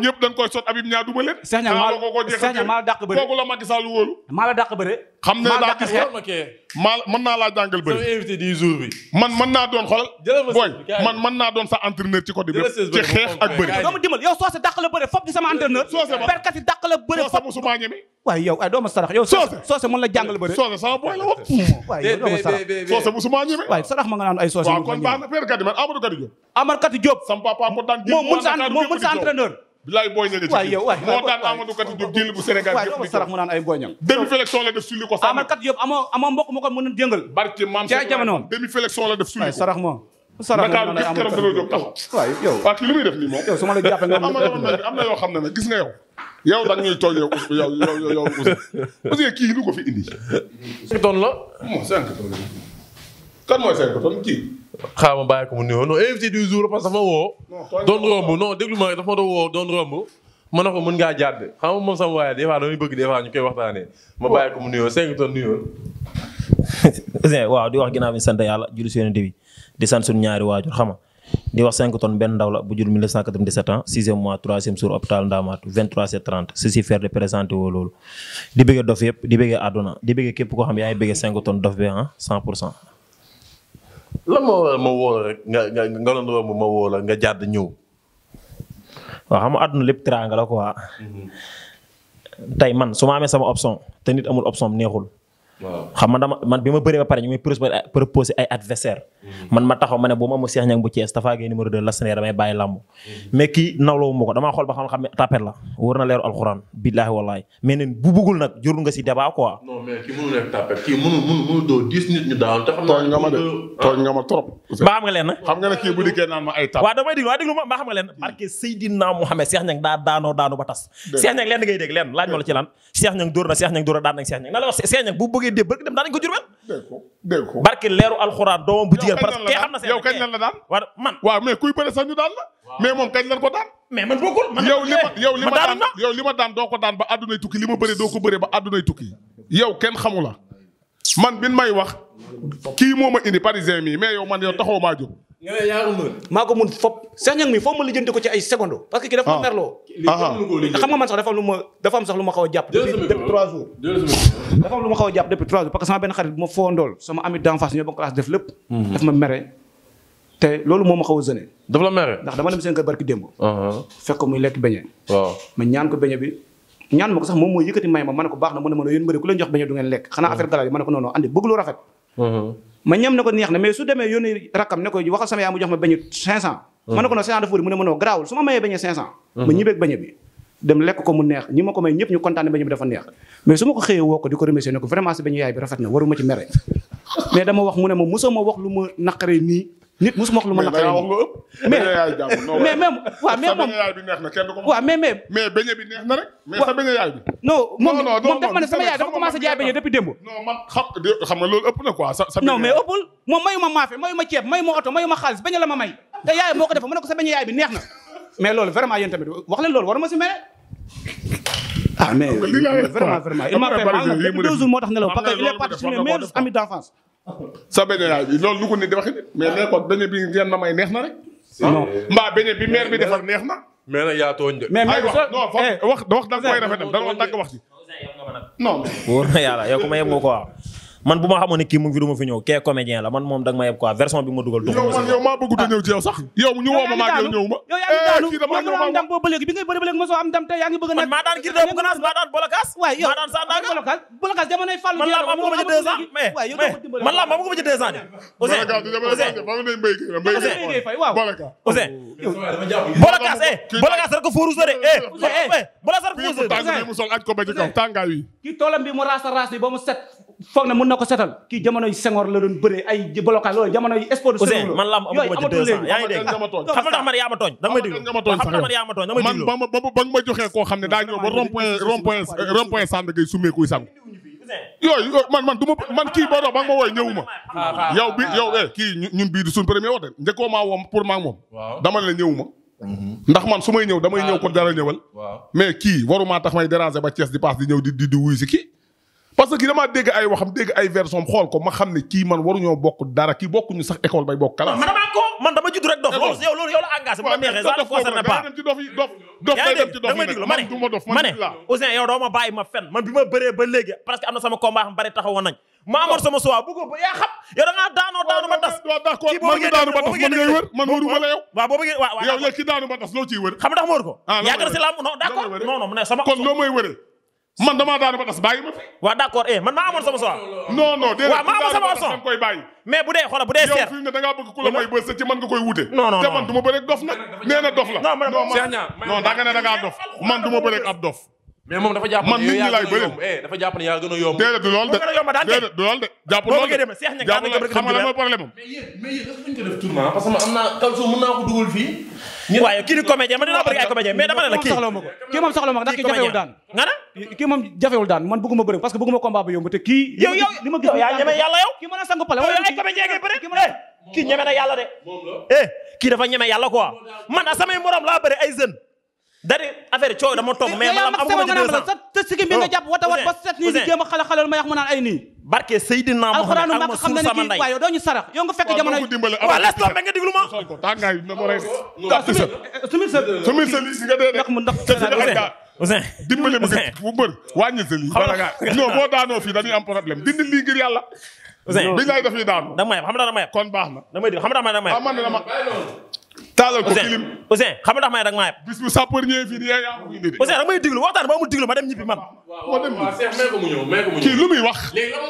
Speaker 3: ñëpp. mu koy sot Habib Niang duma leen. Cheikh Niang maa la bëre kooku la Macky Sall bëre xam ne daa gis maa mën naa man naa doon xoolal. booy man mën naa doon sa entraîneur ci côté bi ci xeex ak bëri. doo ma dimbal yow soose dàq la bëre fop di sama entraîneur. soose ma perkat la bëre fop. soose mosuma ñeme.
Speaker 2: waaye yow ay doo ma sarax yow. soose soose mën la jàngal bëre.
Speaker 3: soose sama boy la woon. waaye yow ñeme. waaye
Speaker 2: sarax ma nga naan ay soose. waaw kon baax
Speaker 3: na mun sa entraîneur
Speaker 2: bilaay booy ña ci yow
Speaker 3: waay moo daan Amadou Kati Diop jël bu Sénégal yëpp waay sarax mu
Speaker 2: naan ay booy ñang demi flexion la def sulli ko Amadou Kati Diop amoo amoo mbokk mu ko mën a jëngal barke maam ci jamono demi flexion la def sulli ko sarax moom sarax moom naan Amadou Kati Diop
Speaker 3: waay yow waa kii lu muy def nii moom yow su ma la jàppee nga am na yoo xam ne nag gis nga yow yow da ñuy tooñ yow yow yow yow parce que kii lu ko fi indi 5
Speaker 1: tonnes la 5 tonnes kan mooy 5 tonnes kii xaaral ma bàyyi parce que ma woo. doon romb non déglu ma dafa ma doon woo doon romb. ma xam ma bàyyi ko mu nuyoo 5
Speaker 4: di wax ginnaaw bi sant yàlla julli si yonent bi di sant suñu ñaari waajur xam nga di di bëggee dof yëpp di bëggee àdduna di bëggee képp koo xam yaay bëggee 5 tonnes dof bi ah 100 pour 100.
Speaker 1: lan moo waral ma woo rek nga nga nga doon romb ma woo nga jàdd ñëw. waaw xam nga àdduna lépp teraanga la quoi.
Speaker 4: Mm-hmm. tey man su ma amee sama option te nit amul option neexul. xam man dama man bi ma bëree ba pare ñu may proposé ay adversaire mm-hmm. man ma taxaw ma ne bu ma amu Cheikh Niang bu Thiès Tapha Gueye numéro 2 la sene damay bàyyi làmb mm-hmm. mais kii ma ko xam la war na leeru alxuraan billaahi wallaahi mais neen bu bëggul nag jurul nga si débat quoi
Speaker 1: non mais kii mënu nekk tapet kii mënu mënu mënu doo dix nit ñu daan te xam ne kii
Speaker 4: bu daa daanoo daanu ba tas Cheikh Niang leen ngay dégg leen laaj ma ci lan Cheikh Niang dóor na Cheikh Niang dóor na daan na Cheikh Niang bëri dé bëri dem daanañ ko jurbel dégg ko dégg ko barke leeru alxuraan doomam bu jigéen parce que kee xam na seen yow kañ lan la daan war
Speaker 3: man waaw mais kuy bëri moom kañ lan ko daan mais man bokkul yow li yow li ma daan yow li daan doo ko daan ba addunay tukki li ma bëri doo ko bëri ba addunay tukki yow kenn la man bin may wax kii moo ma indi parisien mi mais yow man yow taxoo maa jóg nga ne yaa ko
Speaker 2: mën. maa ko mën fop Cheikh Niang mi foo ma lijjanti ko ci ay secondo parce que ki dafa ma ah. merloo. xam nga man sax dafa am lu ma am sax lu ma xaw a jàpp. depuis trois jours. dafa a parce que sama benn xarit bu ma foondool sama ami d'en face ñoo bokk classe def lépp. Hmm. daf ma mere. te loolu moom ma xaw a zëne. dafa la mere ndax dama dem seen kër barki démb. Ah, ah. fekk ko muy lekk beñe. ma ñaan ko beñe bi. ñaan ma ko sax moom mooy yëkkati may ma ma ne baax na mu ne ma ne yéen ku leen ma ñam na ko neex na mais su demee yónni rakkam ne ko waxal sama yaay mu jox ma beñu 500. Mm. ma ne ko nag 500 dafa wuri mu ne ma mayee beñe mm-hmm. bi dem lekk ko mu neex ñi ma ko may ñëpp ñu kontaan ne bi dafa neex mais su ma ko xëyee woo ko di ko remercier ne ko vraiment si beñu yaay bi rafet na waruma ci mere mais dama wax mu ne ma mosoo wax lu ma naqaree nii nit musuma wax lu ma naqari
Speaker 3: mais mais na kenn du ko waaw mais mais mais beñe bi
Speaker 2: neex na rek mais sa beñe yaay bi non moom moom ma ne sama yaay dafa commencé jaay beñe depuis démb xam nga loolu ëpp na xaalis beñe la ma may te yaay moo ko ne ko sa beñe yaay bi neex na mais loolu vraiment yéen wax leen loolu war ma si mere ah mais vraiment vraiment il m'a fait mal depuis deux jours moo tax nelaw parce il est parti mes
Speaker 3: meilleurs amis sa benn yaay loolu lu ko nit mais ah. na may neex na rek. Eh. mbaa benn bi maire bi defar neex na.
Speaker 1: mais a yaa tooñ de. mais mais wax
Speaker 3: eh, wax da nga koy rafetal da nga ko tàgg wax ci.
Speaker 1: non.
Speaker 4: wóor na yàlla yow ko waaw. man bu ma xamoon ne kii mu ngi fi du ma fi ñëw kee comédien la man moom danga ma yeb quoi version bi ma dugal du man yow maa bëggut a ñëw ci yow sax ah. yow ñu woo ma maa ngi ñëw ma
Speaker 2: yow yaa ngi eh,
Speaker 4: daanu am ndam boobu ba léegi bi ngay bëri ba léegi ma soo am ndam te yaa ngi bëgg nag maa daan gir doo bolokaas maa daan bolokaas waay yow maa daan sandaaga bolokaas bolokaas jamonoy fàllu man laa ma bëgg ma ci deux ans mais man laa ma bëgg ma ci deux ans bolokaas eh bolokaas rek ko fóoru sa de eh
Speaker 2: bolokaas rek fóoru sa de mu sol aj ko ba ci kaw tàngaay wi ki toolam bi mu raasa raas bi ba mu set foog na mën na ko setal kii jamonoy Senghor la doon bëree ay bolokaay loolu jamonoy sport de Ousseynou man lamb man ma tooñ
Speaker 4: ma tooñ da nga may
Speaker 3: ah, ah, ah, bi eh, kii ñun bii du suñ premier wax de njëkkoo maa woom pour maa moom dama la ñëwuma mhm. ndax man su may ñëw damay ñëw ko dara ñëwal mais kii waruma tax may déranger ba Thiès di paas di ñëw di di wuy si kii parce que dama dégg ay waxam dégg ay version xool ko ma xam ne kii man waruñoo bokk dara kii bokkuñu sax école bay bokk kalaas. man
Speaker 4: damaa ko man dama judd rek dof. loolu yow daanu ba tas man ngay wër man wëru la yow
Speaker 3: waaw boobu ngeen waaw yow yow ki daanu ba tas loo ciy wër xam ndax ma wër ko ah, yaakaar si laa non d'accord non non mu ne sama kon loo may wëree man damaa daanu ba tas bàyyi eh, man maa amoon sama choix. non non bu dee xoolal da man du ma bëreeg dof nag nee dof la. non man non dof man du ma bëreeg ab dof. mais moom dafa jàpp ne yow yaa gën a yomb
Speaker 1: eh, dafa jàpp ne yaa gën a yomb. déedéet du de du lool de.
Speaker 4: jàpp lool de jàpp lool xam nga lan mooy problème am. mais
Speaker 1: yéen mais yéen dafa ñu ko def tournant parce que man am ma
Speaker 2: ko parce que bëgguma combat bu yomb te kii. yow yow li ma gis yaa ñeme yàlla yow. kii
Speaker 4: mën a sangu pale wala ay comédien ngay bëri eh, kii ñeme na yàlla de. Eh, kii dafa ñeme yàlla quoi man a samay morom laa bëri ay jeune dari affaire coow dama toog mais maanaam amuma ci 200 sa sa sikkim bi nga wata ba set nii di jéem a xala ma yàq ma ay nii barke Seydina Mohamed alxuraanu mag xam na ne kii waaye
Speaker 3: doo mu ndax Ousseyn dimbali ma bu mbër daanoo fii dañuy am problème dindi lii ngir
Speaker 4: yàlla Ousseyn bi lay taalal ko filim Ousseyn xam nga tax may rek maa bu sapeur ñëwee fii nii yaa yaa ngi da ngay diglu waxtaan ba mu diglu ma dem ñibbi man. waaw waaw wax.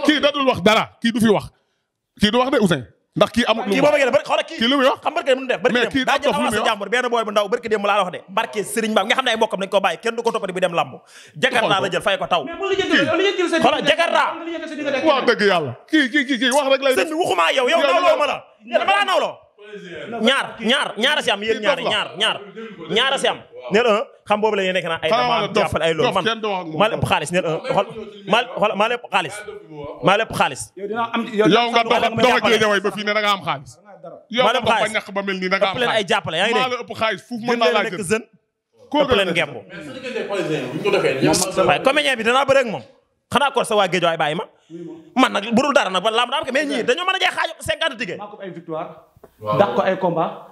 Speaker 4: kii da wax dara kii du fi wax. kii du wax de Ousseyn. ndax kii amul lu mu wax kii boobu xoolal wax. xam barke dem daa jël barke dem laa la wax de. barke Serigne ko bàyyi kenn du ko toppati bu dem lamb. jakarta la jël fay ko taw. xoolal jakarta. waaw dëgg yàlla wax rek lay def. sëñ bi waxuma yow yow ñaar ñaar ñaar a si am yéen ñaar ñaar ñaar ñaar a si am neel un xam boobu la ñuy nekk naan ay dama jàppal ay loolu man maa lépp xaalis neel un xool maa lépp xaalis maa lépp xaalis
Speaker 2: yow nga dox dox ak
Speaker 4: yéen way ba fii ne da nga am xaalis yow nga dox ba ñàkk ba mel nii da
Speaker 3: nga
Speaker 1: am xaalis ay
Speaker 4: jàppale yaa ngi dégg maa la ëpp xaalis fuuf mën naa laa jël ëpp leen ngemb waaye comédien bi danaa bëre ak moom xanaa ko sa waa géej waay bàyyi ma. man nag budul dara nag ba lamb daal mais ñii dañoo mën a jeex xaaju 50 dige. maa ko ay victoire.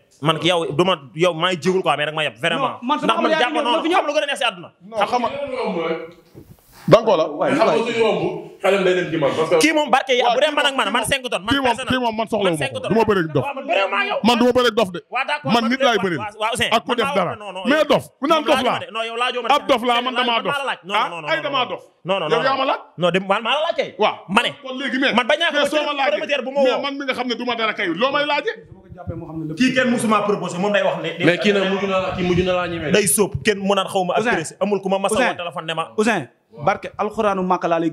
Speaker 4: man yow du ma yow maay jiwul quoi ma yab vraiment. ndax man jàpp noonu xam a neex si àdduna. kii moom barke
Speaker 3: yi bu dee man man man man soxla wu ma ko du ma bëreeg dof.
Speaker 4: Ah, man du ma bëreeg dof de. man nit laay bëreel. ak ku def dara mais dof. ku naan dof laa ab dof laa man damaa dof. ah ay damaa ma laaj. non de man maa la laaj kay. waaw ma ne.
Speaker 3: kon léegi mais mais soo ma laajee mais man ne du ma
Speaker 4: kii kenn musuma proposé moom day wax ne. mais kii nag mujj na la kii mujj na laa ñemee. day sóob kenn mu naan xaw ma. Ousseyn amul ku ma ne ma. Ousseyn barke alxuraanu Màkka laa lay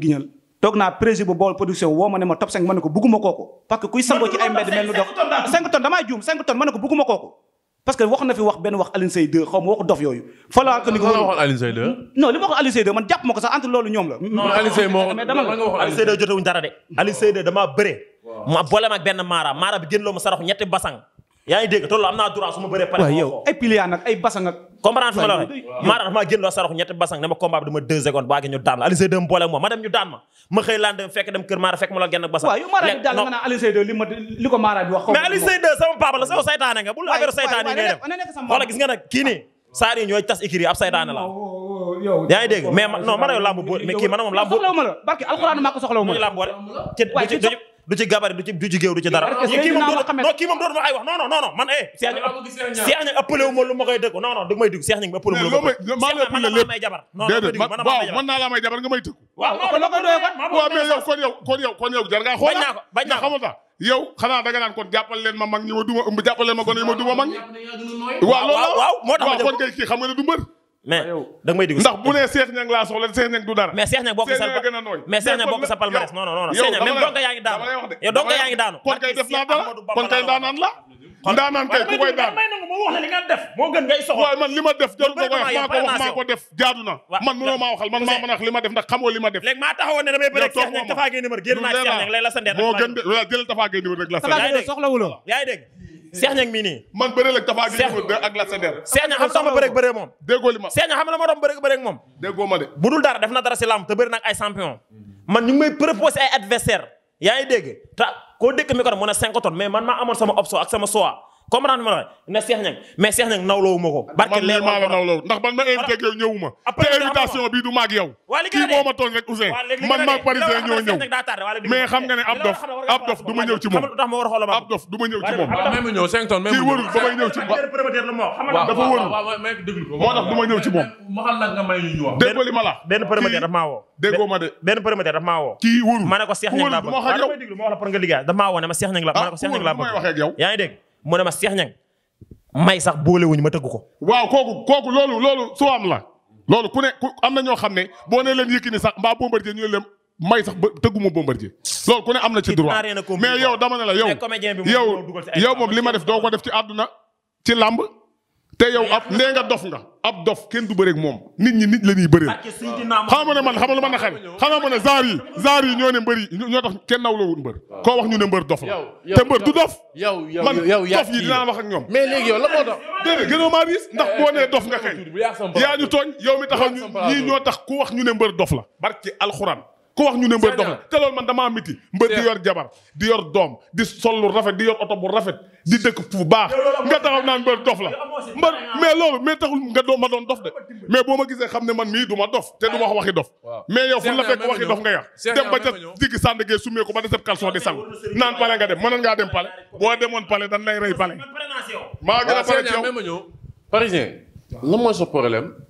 Speaker 4: toog naa président bu bool production
Speaker 2: woo ma ne ma top 5 ma ne ko bugguma kooku. parce que kuy sangoo ci ay mbedd mel ni dox 5 tonnes damaa juum 5 tonnes ma ne ko bugguma kooku parce que wax na fi wax benn wax Alioune Seye 2 xaw ma waxu dof yooyu. falaa que ni ko waxoon Alioune li ma waxoon Alioune Seye 2 man jàpp ma ko sax entre loolu ñoom la. non Alioune Seye moo mais dama la Alioune Seye 2
Speaker 4: jotewuñu dara de. Alioune Seye 2 damaa bëre. boole ma benn maara maara bi génn loo ma sarax ñetti basang yaa ngi dégg toolu am naa droit ma bëree pare. waaw yow ay piliers nag ay basang ma la waxee maa dafa maa génn loo sarax ñetti basang ne ma combat bi dama deux secondes baa gi ñu daan la Alioune Seye dem boole ma daan ma ma xëy laan dem fekk dem ma la genn ak basang. waaw yow Mara ma li ko Mara a yow lamb bo a moom du ci gabarit du ci du du ci dara. kii moom non kii moom ay wax non non man eh. seex ñi ëppale wu ma lu ma koy dëkku du may dugg seex ñi ëppale wu ma lu ma koy
Speaker 3: man waaw man jabar nga may tëkku. waaw kon la kon. waaw kon yow kon yow kon yow jar ngaa xool. xanaa da naan kon jàppal ma mag ñi duma ëmb jàppal leen ma gone kon kay kii xam nga ne du mais da may déglu ndax bu nee Cheikh Niang laa soxla Cheikh Niang du dara. mais Cheikh Niang bokk sa mais Cheikh Niang bokk sa daanu yow donga yaa ngi daanu. kon kay def naa dara kon kay daan may la li nga def. moo gën waaye man li ma def jarul ma koy wax wax maa def jaadu na. man mënoo maa waxal man maa mën a def ndax xamoo li def. léegi maa taxawoon ne damay bëre Cheikh Niang Tapha Gueye numéro génn naa lay la ndeen moo gën de jëlal Tapha Gueye Cheikh Niang mii nii.
Speaker 4: man bëree la Tapha Gueye ak de Guiers. Cheikh Niang xam sax ma bëree bëree moom. déggoo li ma Cheikh Niang xam na ma doon bëree bëree ak moom. déggoo ma de. bu dul dara def na dara si lamb te bëri nag ay champion. man ñu may proposé ay adversaire yaa ngi dégg te koo mi ko doon mu ne 5 mais man ma amoon sama option ak sama choix comprendre ma la ne Cheikh Niang mais Cheikh Niang nawloowu ma ko. barke leer ma la nawloo ndax ban ma invité ak yow ñëwuma ma.
Speaker 3: te invitation bi du maag yow. kii boo ma tooñ rek Ousseyn ma ñëw ci ma ñëw ci moom. kii warul ba may ñëw ci
Speaker 4: moom.
Speaker 1: ma ñëw ci moom. may
Speaker 4: ñu ñu wax. déggoo li ma la. benn daf maa woo. déggoo ma de. benn promoteur daf maa kii warul ma ne ko Cheikh Niang la pour ma Cheikh Niang ah, laa ma yaa ngi dégg mu ne ma Cheikh Niang may sax boolewuñu ma tëgg ko. waaw kooku kooku loolu loolu soo am la loolu
Speaker 3: ku ne ku am na ñoo xam ne boo nee leen Yékini sax mbaa Bombardier ñu ne leen may sax ba tëgguma Bombardier loolu ku ne am na ci droit mais yow dama ne la yow yow yow moom li ma def doo ko def ci àdduna ci làmb te yow ab nee nga dof nga ab dof kenn du bëreeg moom nit ñi nit la ñuy bëreel.
Speaker 4: xam nga ne man xam nga man na xari
Speaker 3: xam nga ma ne genre yi genre yi ñoo ne mbër yi ñoo tax kenn nawloo wut mbër. koo wax ñu ne mbër dof la. te mbër du dof.
Speaker 1: yow yow man dof yi dinaa
Speaker 3: wax ak ñoom. mais léegi yow la moo gënoo maa ndax koo nee dof nga kay. yaa ñu tooñ yow mi taxaw ñu ñoo tax ku wax ñu ne mbër dof la. barki alxuraan ku wax ñu ne mbër dox la te loolu man damaa miti mbër di yor jabar di yor doom di sol rafet di yor oto bu rafet di dëkk fu baax nga taxaw naan mbër dof la mbër mais loolu mais taxul nga doon ma doon dof de mais boo ma gisee xam ne man mii du dof te du wax waxi dof mais yow fu la fekk waxi dof nga yàq dem ba ca digg sàndgee sumee ko ba deseb kalson di sang naan pale nga dem mënoon ngaa dem pale boo demoon pale dan lay rey pale
Speaker 4: maa
Speaker 1: a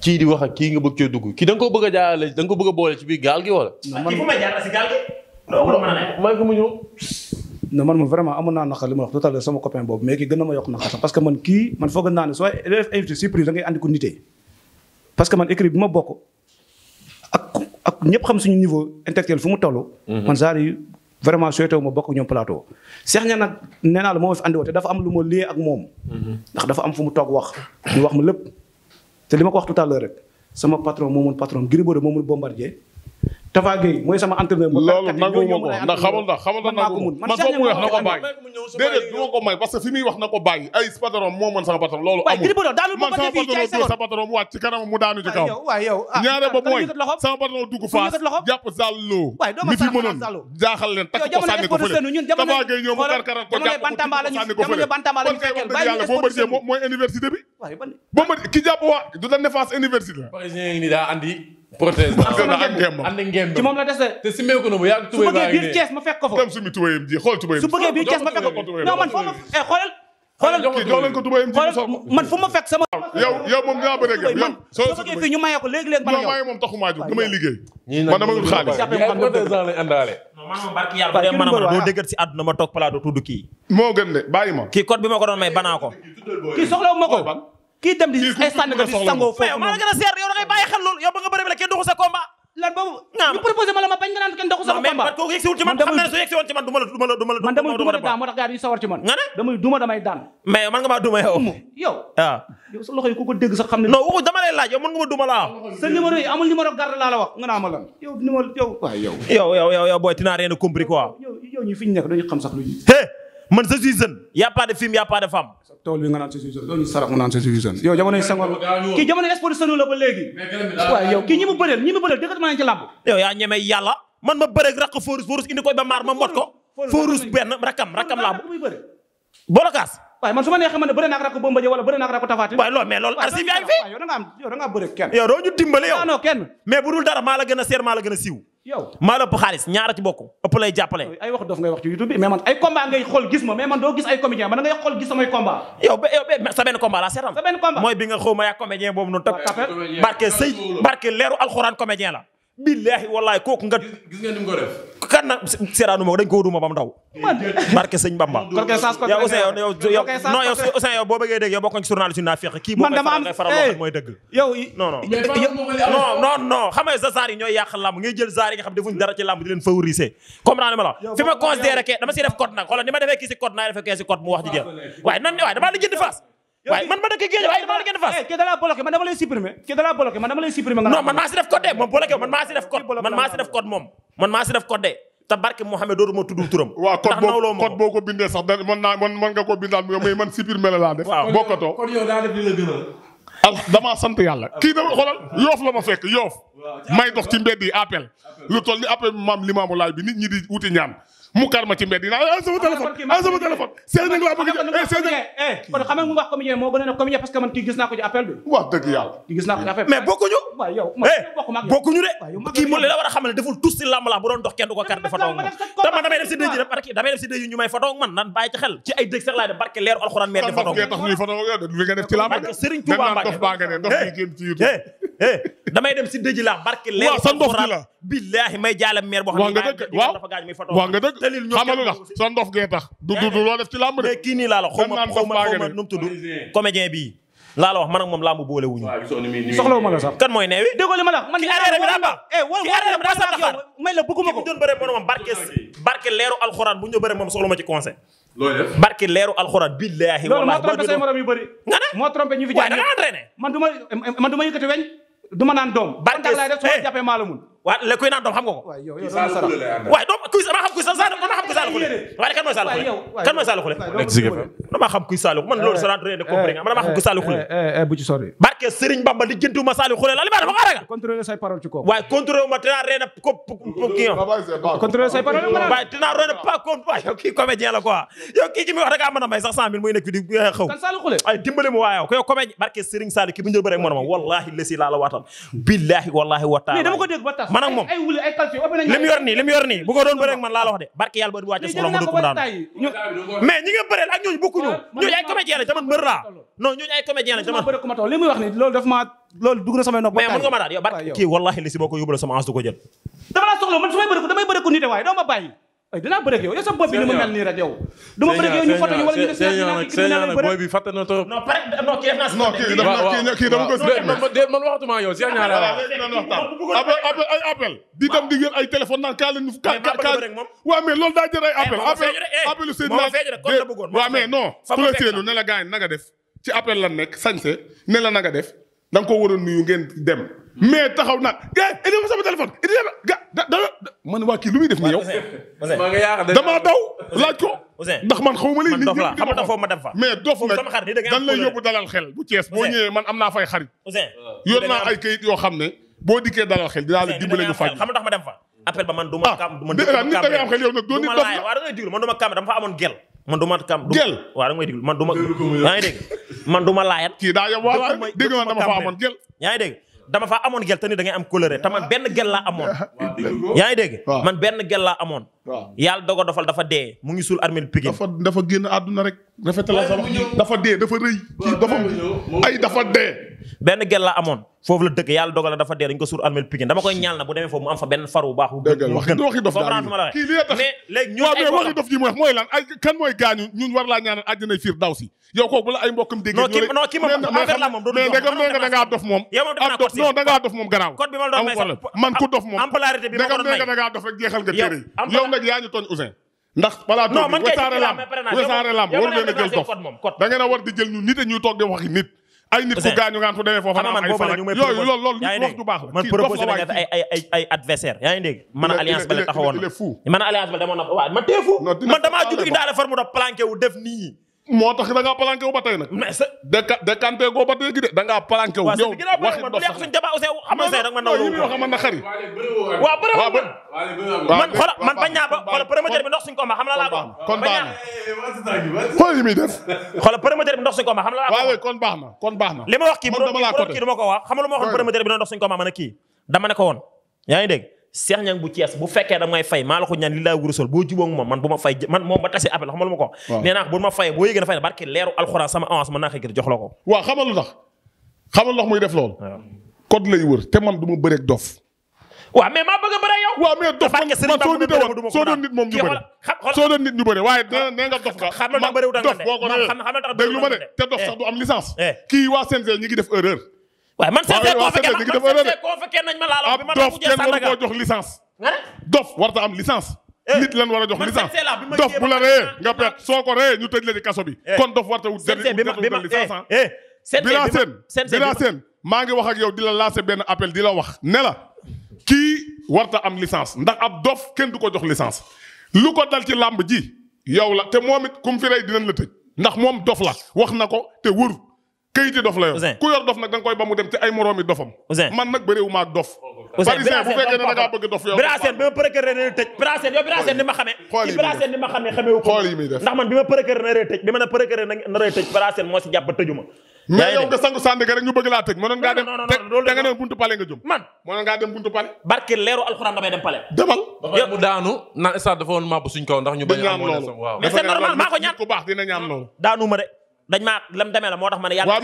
Speaker 1: kii di wax ak kii nga bëgg cee dugg kii da ko bëgg a da nga ko bëgg a boole ci biir gaal gi wala. man kii ma jaarale
Speaker 4: na ne.
Speaker 2: maa ngi ko vraiment amoon naa naqar li ma wax tout à l'heure sama copain boobu mais ki gën na ma yokk naqar sax parce que man kii man foog naa soo def invité surprise da ngay andi parce que man écrit bi ma bokk ak ak ñëpp xam suñu niveau intellectuel fu mu tollu mhm. man genre vraiment souhaité wu ma bokk ñoom plateau. Cheikh nag nee naa la moo ma fi andi te dafa am lu ma liyee ak moom. Mhm. ndax dafa am fu mu toog wax ñu wax ma lépp. te li ma ko wax tout à l'heure rek sama patron moo mun patron Gris Bordeaux moo mun bombardier Tafa Gueye mooy sama entraîneur. loolu nanguwuma ko ndax xamal ndax xamal ndax nanguwuma man foofu muy wax na ko
Speaker 3: bàyyi. déedéet du ma ko may parce que fi muy wax na ko bàyyi ay patron moo mën sama patron loolu amul man sama patron dóor sama patron mu wàcc ci kanam mu daanu ci kaw.
Speaker 2: ñaare ba mooy
Speaker 3: sama patron dugg faas jàpp Zallo mi fi mënoon jaaxal leen takk ko sànni ko fële Tafa Gueye ñëw mu karkaral ko jàpp ko sànni ko fële kon kay wax dëgg yàlla boo bëggee mooy université bi waaye ban. boobu waa du la défense
Speaker 1: université. parisien yi nii daa andi. prothèse andi ngeen ci
Speaker 3: ma fekk ko fa. dem sumi tubéyam ma fekk ko xoolal kii jox leen ko tubayam man fu ma fekk sama. yow yow moom dinaa bëri ak yow yow. soo soo fii ñu maye ko léegi léegi man yow. maye moom taxumaa jóg damay
Speaker 1: liggéey. man dama wut xaalis. man moom
Speaker 4: barki yàlla man doo ko kii soxlawu ma ko. kii dem di. kii sangoo foofu. yow maa la a seer yow da ngay xel loolu yow ba nga bëri la du ko sa combat affaire boobu. naa ñu proposé ma damay daan moo tax man. nga maa duma yow. yow waaw. Ah. yow sa loxo yi ko dégg yow mën fi ñu nekk dañu xam sax lu ñu. man je suis jeune. y' a pas de film y' a pas de
Speaker 2: femme. la ba léegi.
Speaker 1: waaw yow
Speaker 4: kii ñi mu bëreel ñi mu bëreel dëkk nañ ci làmb. yow man ma bëreeg rakk Forus indi koy ba maar ma mot ko. Forus benn rakam rakam làmb. bolokaas. waaye man su ma neexee man ne bëre naa ko rakk Bombardier wala bëre naa ko rakk Tapha Tine. waaye loolu da ngaa am yow bu dul dara maa gën a seer maa gën a siiw yow maa la xaalis ñaara ci bokk ëpp lay jàppale. ay wax dof ngay wax ci YouTube bi mais man ay combat ngay xool gis ma mais man doo gis ay comédien man ngay xool gis samay combat. yow ba yow sa benn combat laa seetaan. sa mooy bi nga xaw ma yaa comédien boobu noonu. barke sëy barke leeru alxuraan comédien la billaahi wallaahi ko def. kan ma ko dañ ko duma ba daw. barke sëñ Bamba. kon kay sens yow yow non yow Ousseyn yow boo naa fexe kii. man eh. dëgg. yow non non. sa saar ñooy yàq lamb ngay jël saar yi xam defuñ dara ci lamb di leen favoriser. comprendre ma la fi ma considéré que dama siy def code nag xoolal ni ma defee kii si mu wax ji jël waaye nan jënd face waaye man ma dëkk géej waaye eh, dama la maa si def code de moom barke Mouhamed dootu ma tudd turam
Speaker 3: waaw boo ko bindee sax man nga ko bindaat muy man supprimer la laa def bokkatoo ah, damaa sant yàlla kii dama xoolal yoof la ma fekk yoof may dox ci mbedd appel lu toll ni appel maam Limaamu Laay bi nit ñi di
Speaker 2: wuti ñaan mu kar ma ci mbedd yi ah sama téléphone ah, ah sama téléphone. seen nag laa bëgg a eh, seen nag. kon xam nga mu wax comédien moo gën a ne comédien parce que man kii gis naa ko ci appel bi. waaw dëgg yàlla. gis naa ko ci appel bi mais bokkuñu. waaw yow eh,
Speaker 4: bokkuñu de. kii moom la war a xamal ne deful tous si làmb la bu doon dox kenn du ko kar di photo ak man te man damay def si dëj rek parce que damay def si dëj ñu may photo ak man nan bàyyi ci xel ci ay dëj sax laay def barke leeru alxuraan meer di photo ak man sëriñ Tuubaa damay dem si dëj la barke leeru alxuraan billaahi may jaalam meer boo xam ne dafa gaañ muy photo dalil ñoo xamal la sa ndof gee tax. du du du eh, loo def ci làmb de. mais kii nii laa la xaw ma xaw ma xaw ma nu mu tudd. comédien bii laa la wax man ak moom làmb boole wuñu. soxlawu ma la sax. kan mooy neewi. déggoo li ma la man ki arrêté bi daa baax. ki arrêté bi daa baax yow may la bëgguma ko. ki doon bëre moom barke barke leeru alxuraan bu ñu bëree moom soxla ma ci conseil. loolu yëpp barke leeru alxuraan billaahi wallaahi. loolu moo trompé say morom yu bëri. nga ne moo trompé ñu fi jaay man du ma yëkkati weñ du ma naan doom. barke laay def soo eh. jàppee maa la mun waa la kuy naan doom xam nga ko. waaw
Speaker 1: yow yow doon sarax
Speaker 4: waaye doom kuy dama xam kuy sa dama xam kuy Saliou Khoulé. waaye kan mooy Saliou Khoulé kan mooy Saliou Khoulé. dama xam kuy Saliou man loolu eh, sa rentrée de eh, comprendre man dama xam eh, kuy Saliou Khoulé. bu ci sori. barke Serigne Bamba di jëntu ma Saliou Khoulé la li ma dama xaaral. contrôler say parole ci kooku. waaye contrôler ma dinaa reen a ko kii yoon. contrôler say parole ma waaye dinaa reen a pas ko waaye yow kii comédien la quoi yow kii ci mi wax da ngaa mën a may sax cent mille muy nekk fi di xaw. kan Saliou Khoulé ay dimbali mu waaye yow ko yow comédien barke Serigne Saliou kii bu ñu bëre ak moom wallahi lesi laa la waatal billahi wallahi wa
Speaker 2: taala man ak moom
Speaker 4: li mu yor nii li doon bëree man laa la de barke yàlla ba du wàcce ma dugg mu daanu mais ñi ak ñooñu bokkuñu ah, ñooñu ay comédien lañ taman mbër laa non ay comédien lañ taman li muy ma loolu dugg na samay barke ah, wallahi li si boo ko yóbbul sama as du laa
Speaker 2: soxla man su may bëri ko damay bëri ko
Speaker 1: ay dinaa bëreeg yow yow sa bopp bi ni mu mel nii rek yow. du ma bëreeg yow ñu foto ñu wala ñu def boy bi fàtte na trop. def naa la ah,
Speaker 3: appel ay appel. di dem di jël ay téléphone naan kaa leen. kaa kaa waaw mais loolu daa jël ay appel. Eh, appel eh. appelu seen naan waaw mais non. ku la teelu gaañ na def. ci appel lan nekk sañse ne la def da nga ko war a nuyu ngeen dem mais taxaw nag gars eh, indi ma sama téléphone indi ma ga da da man waa kii lu muy def nii yow. damaa daw laaj ko. ndax man xaw ma lii nit ñi xam nga foofu ma dem fa. mais dof nag dan lay yóbbu dalal xel bu Cees boo ñëwee man am naa fay xarit. yoon naa ay kayit yoo
Speaker 4: xam ne boo dikkee dalal xel dinaa la dimbale ñu faj. xam nga tax ma dem fa. appel ba man du ma ah, kam du ma ah, nit da ngay am xel yow nag doo nit dof la waaw da ngay déglu man du ma kam dama fa amoon gel man du ma kam gel waaw da ngay déglu man du ma yaa ngi dégg man du ma laayat kii daa yow waa dégg man dama fa amoon gel yaa ngi dégg dama faa amoon gel te ni da am colère te man benn gel amoon. yaa ngi dégg man benn gel laa amoon. waaw yàlla dogo dofal dafa dee mu ngi suul armeel Pikine. dafa dafa génn àdduna rek. rafetalal sama dee dafa rëy. dafa dee. benn gel la amoon foofu la dëkk yàlla dogal dafa dee dañu ko armeel Pikine dama koy ñaal na bu demee foofu la waxi waxi dof daal
Speaker 3: kii dof ji mooy mooy lan ay la ay moom affaire la da ngaa dof moom. yow moom def naa code non da ngaa dof moom garaaw. code bi ma la doon may sax man ku dof moom. ampolarité bi ma ko doon fait yaa ñu tooñ Ouzin. ndax plateau bi Wassare Lamb Wassare Lamb waru leen a jël dof da ngeen a war di jël ñu nit a ñuy toog di wax nit. ay nit ku gaañu ngaan fu demee foofa na am
Speaker 4: ay ay adversaire yaa ngi dégg man alliance ba la taxawoon na man tee fu man damaa jug indaale forme de planqué wu def nii
Speaker 3: moo tax da ngaa palanke wu ba tey nag. mais sa déca décanté goo ba tey gi de da ngaa palanke wu. ñëw waxi ndox sax
Speaker 4: waaw man na man man xoolal man bañ naa ba xoolal promoteur bi ndox suñu ko ma xam la laa ko. kon baax na xool yi muy def. xoolal promoteur bi ndox suñu ko ma xam la laa ko. waaw kon baax na baax li ma wax kii bu doon kii du ma ko bi ndox suñu ko ma a kii dama ko woon yaa ngi dégg Cheikh Niang bu Thiès bu fekkee da may fay maa la ko ñaan li laa wurusal boo jubóo moom man bu ma fay man moom ba tase appel xamal ma ko na fay na
Speaker 3: man lu du ma bëreeg dof waaw mais maa bëgg a bëre yow. waaw mais dof man soo nit woon soo doon nit soo doon nit ñu bëre waaye nee nga dof nga. xam na tax bëriwul da nga ne ma dof boo ko nee déglu ma de te dof sax eh. du am licence. Eh. kii waa CNG ñi ngi def erreur. waaye man CNG
Speaker 4: koo fekkee nañ ma laa la bi ma dof kenn waru koo jox licence
Speaker 3: dof warta am licence eh. nit lan war a jox licence dof bu la ree nga pet soo ko ree ñu tëj la ci kaso bi eh. kon dof warta wut licence ah. eh, Bilaa Sène Bilaa Sène maa ngi wax ak yow di la lancé benn appel di la wax ne la kii warta am licence ndax ab dof kenn du ko jox licence lu ko dal ci làmb ji yow la te moom it kum fi rey dinañ la tëj ndax moom dof la wax na ko te wër kayiti dof la yor ku yor dof nag da koy ba mu dem ci ay moroomi dofam. man nag
Speaker 4: bëriwu ma dof. parisien bu fekkee ne da bëgg dof yow. bi na nga dem buntu pale
Speaker 3: nga
Speaker 1: jëm man mënoon ngaa dem buntu pale barke leeru alxuraan damay dem pale demal mu daanu naan stade dafa woon màbb suñ ndax ñu bañ a loolu waaw mais c'est maa ko ñaan ku baax dina ñaan loolu dañ
Speaker 4: maa lam deme la moo tax ma ne yàlla waaw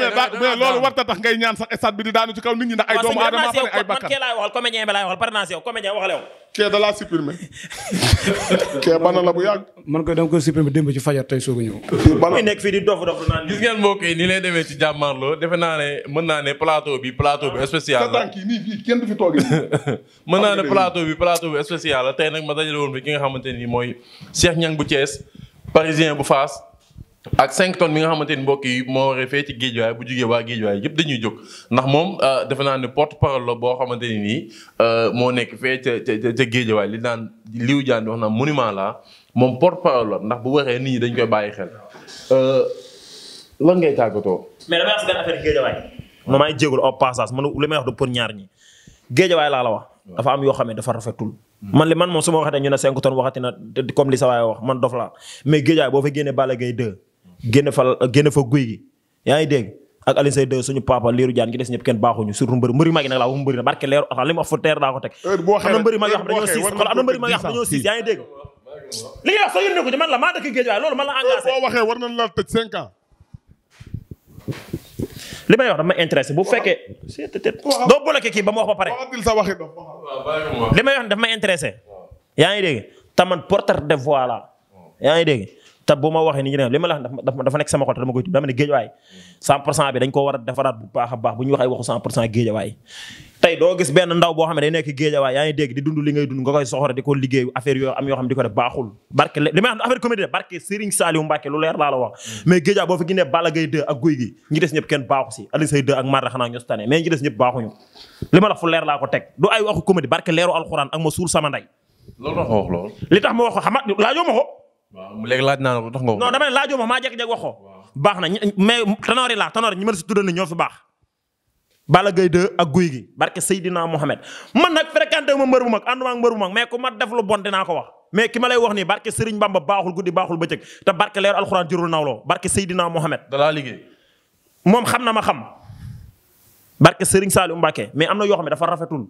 Speaker 4: ay doomu aadama fa ne ay bakkan man kee laay waxal comédien bi laay waxal parrainage
Speaker 2: bu yàgg man koy dama ko supprimé démb ci fajar tey sooga ñëw
Speaker 1: muy
Speaker 4: nekk fii di dof dof
Speaker 1: naan gis ngeen mbokk yi nii lay demee ci jàmmaarloo naa ne mën naa ne plateau bi plateau bi spécial la tànk yi nii mën naa ne plateau bi plateau bi spécial la tey nag ma dajale woon bi ki nga xamante nii mooy Cheikh Niang bu Thiès parisien bu faas ak cinq tonnes mi nga xamante ni mbokk yi moo waree fee ci géejuwaay bu jugee waa géejuwaay yëpp dañuy ndax moom euh, defe ne porte parole la boo xamante ni nii euh, moo nekk fee ca ca ca géejuwaay li daan liw jaan di wax naan la moom porte parole ndax bu waxee nit ñi dañ koy bàyyi xel. Euh, lan ngay tàggatoo.
Speaker 4: mais damay wax si benn affaire géejawaay.
Speaker 1: man maa ngi jégalu ñaar ñi
Speaker 4: géejawaay laa la wax. dafa am yoo xam ne dafa rafetul. man li man moom su ma waxatee ñu ne 5 tonnes waxati na li sa wax man dof laa mais géejawaay boo fa génnee Balla Gaye 2 génn fa génn fa guy gi yaa ngi dégg ak Alioune Seye suñu papa liiru jaan gi des ñëpp kenn baaxuñu surtout mbëri mbëri mag yi nag laa mu mbëri mag yoo xam dañoo siis xool dégg li ngay wax soo yónnee ko ci man la maa dëkk géej waaye loolu man la engagé boo war nañ la tëj cinq li may wax dama intéressé bu fekkee doo bloqué kii ba mu wax ba pare li may wax daf ma intéressé yaa ngi dégg taman porteur de voix la yaa ngi dégg te bu ma waxee ni ñu ne li ma la dafa nekk sama xol te dama koy tudd dama ne géejawaay 100% bi dañ koo war a defaraat bu baax baax bu ñu waxee waxu 100% géejawaay tey doo gis benn ndaw boo xam ne day nekk wax
Speaker 1: loolu
Speaker 4: li tax ma wax ko xamat laajoo ma ko
Speaker 1: waaw léegi laaj naa la ko tax nga non
Speaker 4: dama ne laajoo ma maa jékki-jékki waxoo. baax na mais Tanor yi laa Tanor ñi ma la si tuddal ni ñoo fi baax. Balla Gaye 2 ak Guy gi barke Seydina Mohamed man nag fréquenté ma mbër bu mag ànduma ak mbër bu mag mais ku ma def lu bon ko wax. mais ki ma lay wax nii barke Serigne Bamba baaxul guddi baaxul bëccëg te barke leer alxuraan jurul nawloo barke Seydina Mohamed. dalaa liggéey. moom xam na ma xam. barke Serigne Saliou Mbacké mais am na yoo xam ne dafa rafetul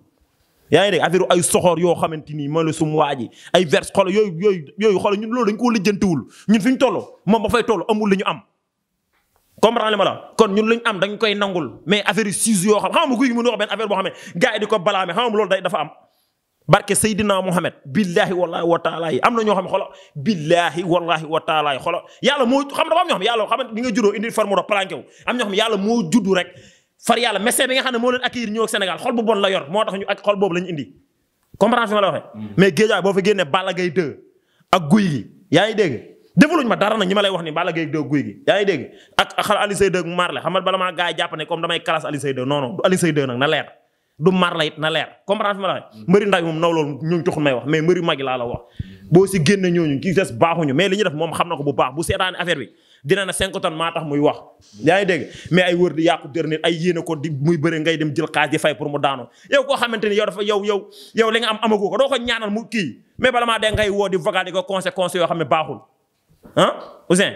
Speaker 4: yaa ngi dégg affaire ay soxor yoo xamante ni mooy la ay vers xolo yooyu yooyu yooyu xolo ñun loolu dañ koo lijjantiwul ñun fi ñu toll moom ba fay toll amul li ñu am comprendre li ma ñun lu ñu am dañ koy nangul mais affaire yu siis yoo xam xam nga a ne gars yi di dafa am barke Seydina Mohamed billahi wallahi wa yi am na ñoo xam ne xolo billahi wallahi wa taala moo xam dafa am ñoo xam yàlla xam ne bi moo juddu rek far yàlla médecin bi nga xam ne moo leen accueillir ñëw ak Sénégal xol bu bon la yor moo tax ñu ak xol boobu la indi comprendre fi ma la waxee. Mm. mais géejawaay boo fa génnee Balla Gaye 2 ak yaa ngi dégg defaluñ ma dara nag ñi ma lay wax ni Balla Gaye 2 guy yaa ngi dégg ak ak xal Aliou Seye 2 Marley xam bala maa gaa yi jàpp ne comme damay classe Aliou Seye 2 non non du Aliou Seye 2 nag na leer du Marley it na leer comprendre fi ma la waxee. Mm. mbëri ndaw wax mais mbëri mag yi laa la wax mm. boo si génne ñooñu ki des baaxuñu mais li ñu def moom xam na ko bu baax bu seetaane affaire bi dina na cinq tonnes maa tax muy wax yaa ngi dégg mais ay wër di yàqu dër nit ay yéene ko muy bëri ngay dem jël xaalis di fay pour mu daanu yow koo xamante ni yow dafa yow yow yow li nga am amagoo ko doo ko ñaanal mu kii mais bala maa dee ngay woo di vocal di ko conséquence yoo xam ne baaxul ah Ousseyn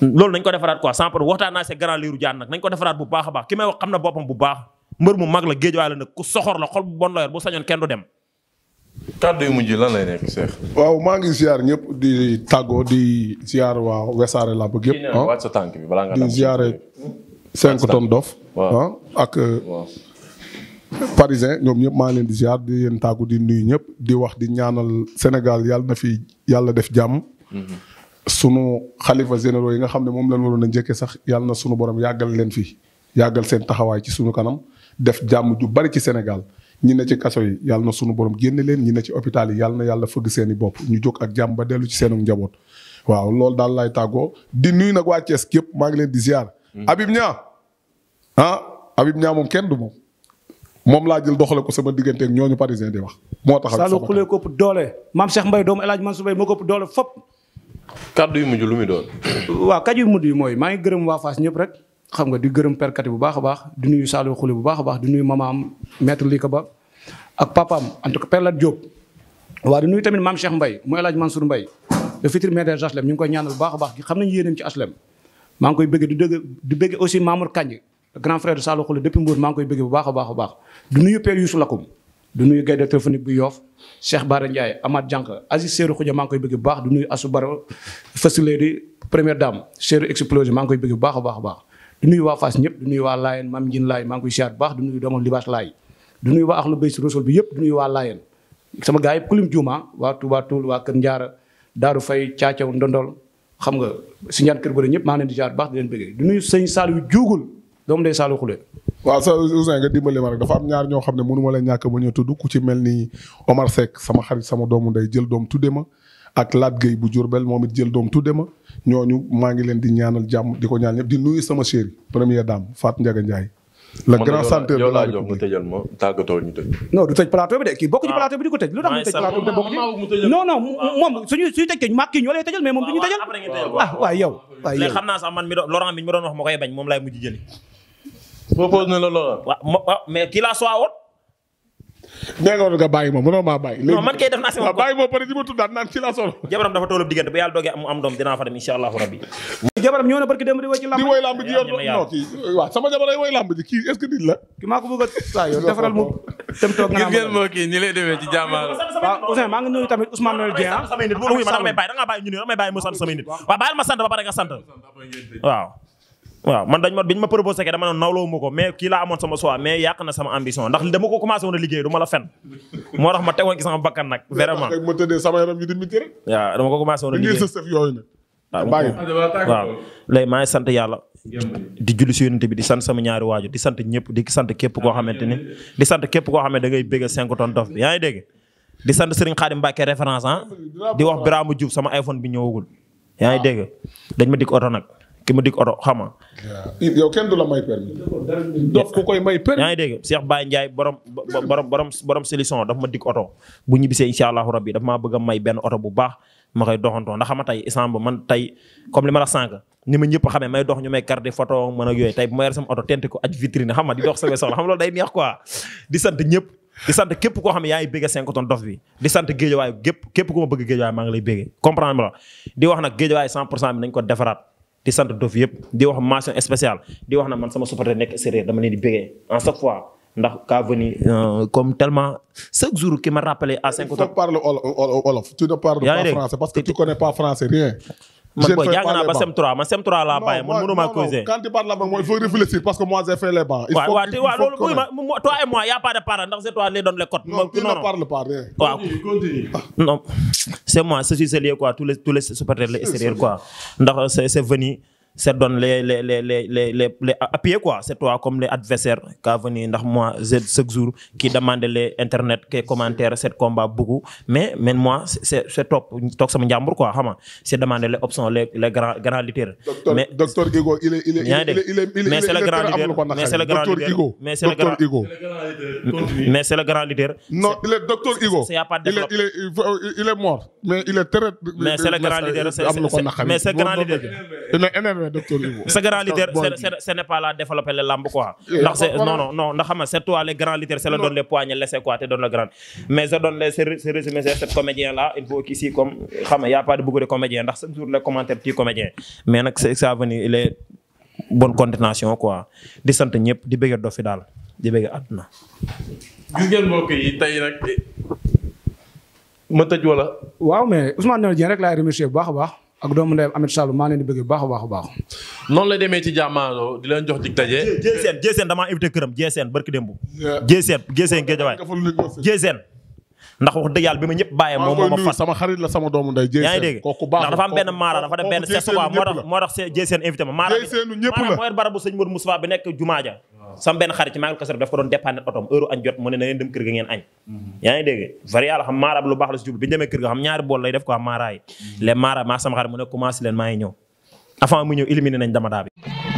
Speaker 4: loolu nañ ko defaraat quoi sans problème waxtaan naa see grand liiru jaan nag nañ ko defaraat bu baax a baax ki may wax xam na boppam bu baax mbër mu mag la géej waay la nag
Speaker 1: soxor la xol bu bon la yor du dem kàddu yu mujj lan
Speaker 3: waaw maa ngi ziar ñëpp di tàggoo di ziar waa Wassare Lamb yëpp. ah
Speaker 1: tànk bi balaa nga di ziare
Speaker 3: 5 tonnes dof. Ah, ak. Euh, parisien ñoom ñëpp maa leen di ziar di leen tàggu di nuyu ñëpp di wax di ñaanal Sénégal yàlla na fi yàlla def jàmm. Mm-hmm. sunu xalifa généraux yi nga xam ne moom lañ waroon a njëkkee sax yàlla na sunu borom yàggal leen fi yàggal seen taxawaay ci sunu kanam def jàmm ju bari ci Sénégal. ñi ne ci kaso yi yàlla na sunu borom génne leen ñi ne ci hôpital yi yàlla na yàlla fëgg seen i bopp ñu jóg ak jàmm ba dellu ci seenu njaboot waaw loolu daal laay tàggoo di nuyu nag waa Thiès képp maa ngi leen di ziar. Mm. Habib Niang ah Habib Niang moom kenn du moom moom laa jël doxale ko sama diggante ak ñooñu parisien di wax. moo tax ak sama xule
Speaker 2: ko ëpp doole maam Cheikh Mbaye doomu El Hadj Mansour Mbaye moo ko ëpp doole fop.
Speaker 1: kaddu yu mujj lu muy doon.
Speaker 2: waaw kaddu yu yi mooy maa ngi gërëm waa Fass ñëpp rek. xam nga di gërëm perkat yi bu baax a baax di nuyu Saliou Khouli bu baax a baax di nuyu mamaam maître Lika Ba ak papaam en tout cas Père Lat Diop. waaw di nuyu tamit maam Cheikh Mbaye mu El Hadj Mansour Mbaye le futur maire des ñu ngi koy ñaanal bu baax a baax xam nañu yéeneem ci HLM maa ngi koy bëgg di dëgg di bëgg aussi Mamour Kandji grand frère de Saliou Khouli depuis maa ngi koy bëgg bu baax a a baax di nuyu Père Youssou Lakoum du nuyu gaynde téléphonique bu yoof Cheikh Bara Ndiaye Amath Diank Aziz Seydou Khoudia maa ngi koy bëgg bu baax du nuyu Assou Baro Fasilé di première dame Seydou Explosion maa ngi koy bëgg bu baax baax a baax du nuyu waa Fass ñëpp du nuyu waa Laayeen maam Njin Laay maa ngi koy siyaar bu baax du nuyu doomu Libaas Laay du nuyu waa Axlu Bay si Rasuul bi yëpp du nuyu waa Laayeen sama gars yëpp kulim juuma waa Touba Toul waa Kër Njaara Daaru Fay Caacaw Ndondol xam nga si ñaan kër bële ñëpp maa ngi leen di siyaar baax di leen bëggee du nuyu sëñ Saliou Diougul doomu day Saliou Xule
Speaker 3: waaw sa Ousseyn nga dimbali ma rek dafa am ñaar ñoo xam ne mënuma ma leen ñàkk ba ñu tudd ku mel ni Omar Seck sama xarit sama doomu nday jël doom tudde ma ak Laat Gueye bu Diourbel moom it jël doom tudde ma ñooñu maa ngi leen di ñaanal jàmm di ko ñaan ñëpp di nuyu sama chérie première dame Fatou Ndiaga
Speaker 2: Ndiaye.
Speaker 1: le grand centre de la bi de
Speaker 2: kii bokk ah. plateau bi di ko tëj. lu tax mu tëj plateau bi de bokk ci
Speaker 4: non non ah. moom suñu suñu tëj màkk yi ñoo ñu tëjal. ah waaw yow. waaw yow xam naa sax doon ma wax ma koy bañ moom laay mujj jëli. na la Laurent. waaw mais kii
Speaker 3: nee nga woon nga bàyyi ma mënoo maa bàyyi. non
Speaker 4: man kay def naa si ma bàyyi ma na samay nit bu ma bàyyi sant ba pare nga sant waaw waaw man dañ ma dañ ma proposé que dama ne nawloo ko mais kii laa amoon sama choix mais yàq na sama ambition ndax dama ko commencé woon a liggéey du la fen moo tax ma tegoon ci sama ma a liggéey sa sëf yooyu nag. Ah, waaw léegi maa ngi sant yàlla. di julli si yonent bi di sant sama ñaari waajur di sant ñëpp di sant képp koo xamante ni. di sant képp koo xam ne da ngay bëgg 5 tonnes dof bi yaa ngi dégg. di sant Serigne Khadim Mbacke référence ah di wax Birame Diouf sama iPhone bi ñëwagul yaa ngi dégg dañ ma dikk oto nag ki ma dig oto xam nga. yow kenn du la may permis. dof ku koy may permis. yaa ngi dégg ma dig oto bu ñibbisee incha allahu rabbi daf maa a may benn oto bu baax ma koy doxantoo ndax xam nga tey isaan man tey comme li di dox sama soxla xam loolu day neex quoi di sant ñëpp di sant képp koo xam yaa ngi bëgg 5 dof bi di sant géejawaay képp ku ma bëgg géejawaay maa ngi lay bëgg comprendre ma la di wax nag géejawaay 100 pour cent bi nañ ko defaraat di sant dof yëpp di wax mention spéciale di wax na man sama supporter nekk séeréer dama leen di bégee en chaque fois ndax kaa venu euh, comme tellement chaque jour ki ma rappelé à cinq. il faut parler olof
Speaker 3: parce que tu connais pas français rien. ma booy jàng naa ba sem 3
Speaker 4: man sem 3 laa bàyyi man mënuma causer. quand tu parles là
Speaker 3: il faut réfléchir parce que moi j'ai fait les bancs.
Speaker 4: ndax c'est toi les donne les cotes. non tu ah. moi ceci c'est lié quoi tous les tous les supporters ndax c'est c'est c'est donne les les les les les les les appuyer quoi c'est toi comme les adversaires qu'a venu ndax moi z chaque jour qui demande les internet que commentaire cette combat beaucoup mais mais moi c'est c'est top toog sama njàmbur quoi xam le grand leader mais
Speaker 3: c'est le grand leader mais c'est
Speaker 4: le grand mais non il est docteur Gigo il est
Speaker 3: il est il mais il le grand leader mais c'est le grand
Speaker 4: leader sa grand leader ce n'est pas la développer le lamb quoi eh, ndax c'est non non non ndax xam nga c'est toi les grands leaders c'est la donne les poignées laisser quoi te donne le grand mais je donne les c'est résumé c'est a mais nag c'est ça venu il est bonne di sant ñëpp di bëgg dofi daal di bëgg àdduna
Speaker 1: gis ma tëj wala
Speaker 4: waaw mais Ousmane
Speaker 2: Dieng rek laay remercier baax a baax ak doomu ndeyam Ameth Sall maa leen di bëgg baax a baax a baax.
Speaker 1: noonu la demee ci
Speaker 4: jàmmaarloo di leen jox dig daje. Jéeseen Jéeseen damaa invité këram Jéeseen barki démb. Jéeseen Jéeseen Géejawaay Jéeseen. ndax wax dëgg bi ma ñëpp bàyyee moom moo ma fas sama xarit la sama doomu ndey yaa ngi dégg ndax dafa am benn maara dafa def benn seet moo tax moo tax invité ma maara bi maara mooy barabu sëñ Mourou Moustapha bi nekk Jumaaja sama benn xarit ci magal kasar daf ko doon dépanner otom heure añ jot mu na ngeen dem kër ga ngeen añ mhm. yaa ngi dégg xam maara lu baax la si jublu bi demee kër ga xam ñaari bool lay def ko am maara yi mhm. les maa sama xarit mu ne leen maa a ñëw avant mu ñëw éliminer nañ damadaa bi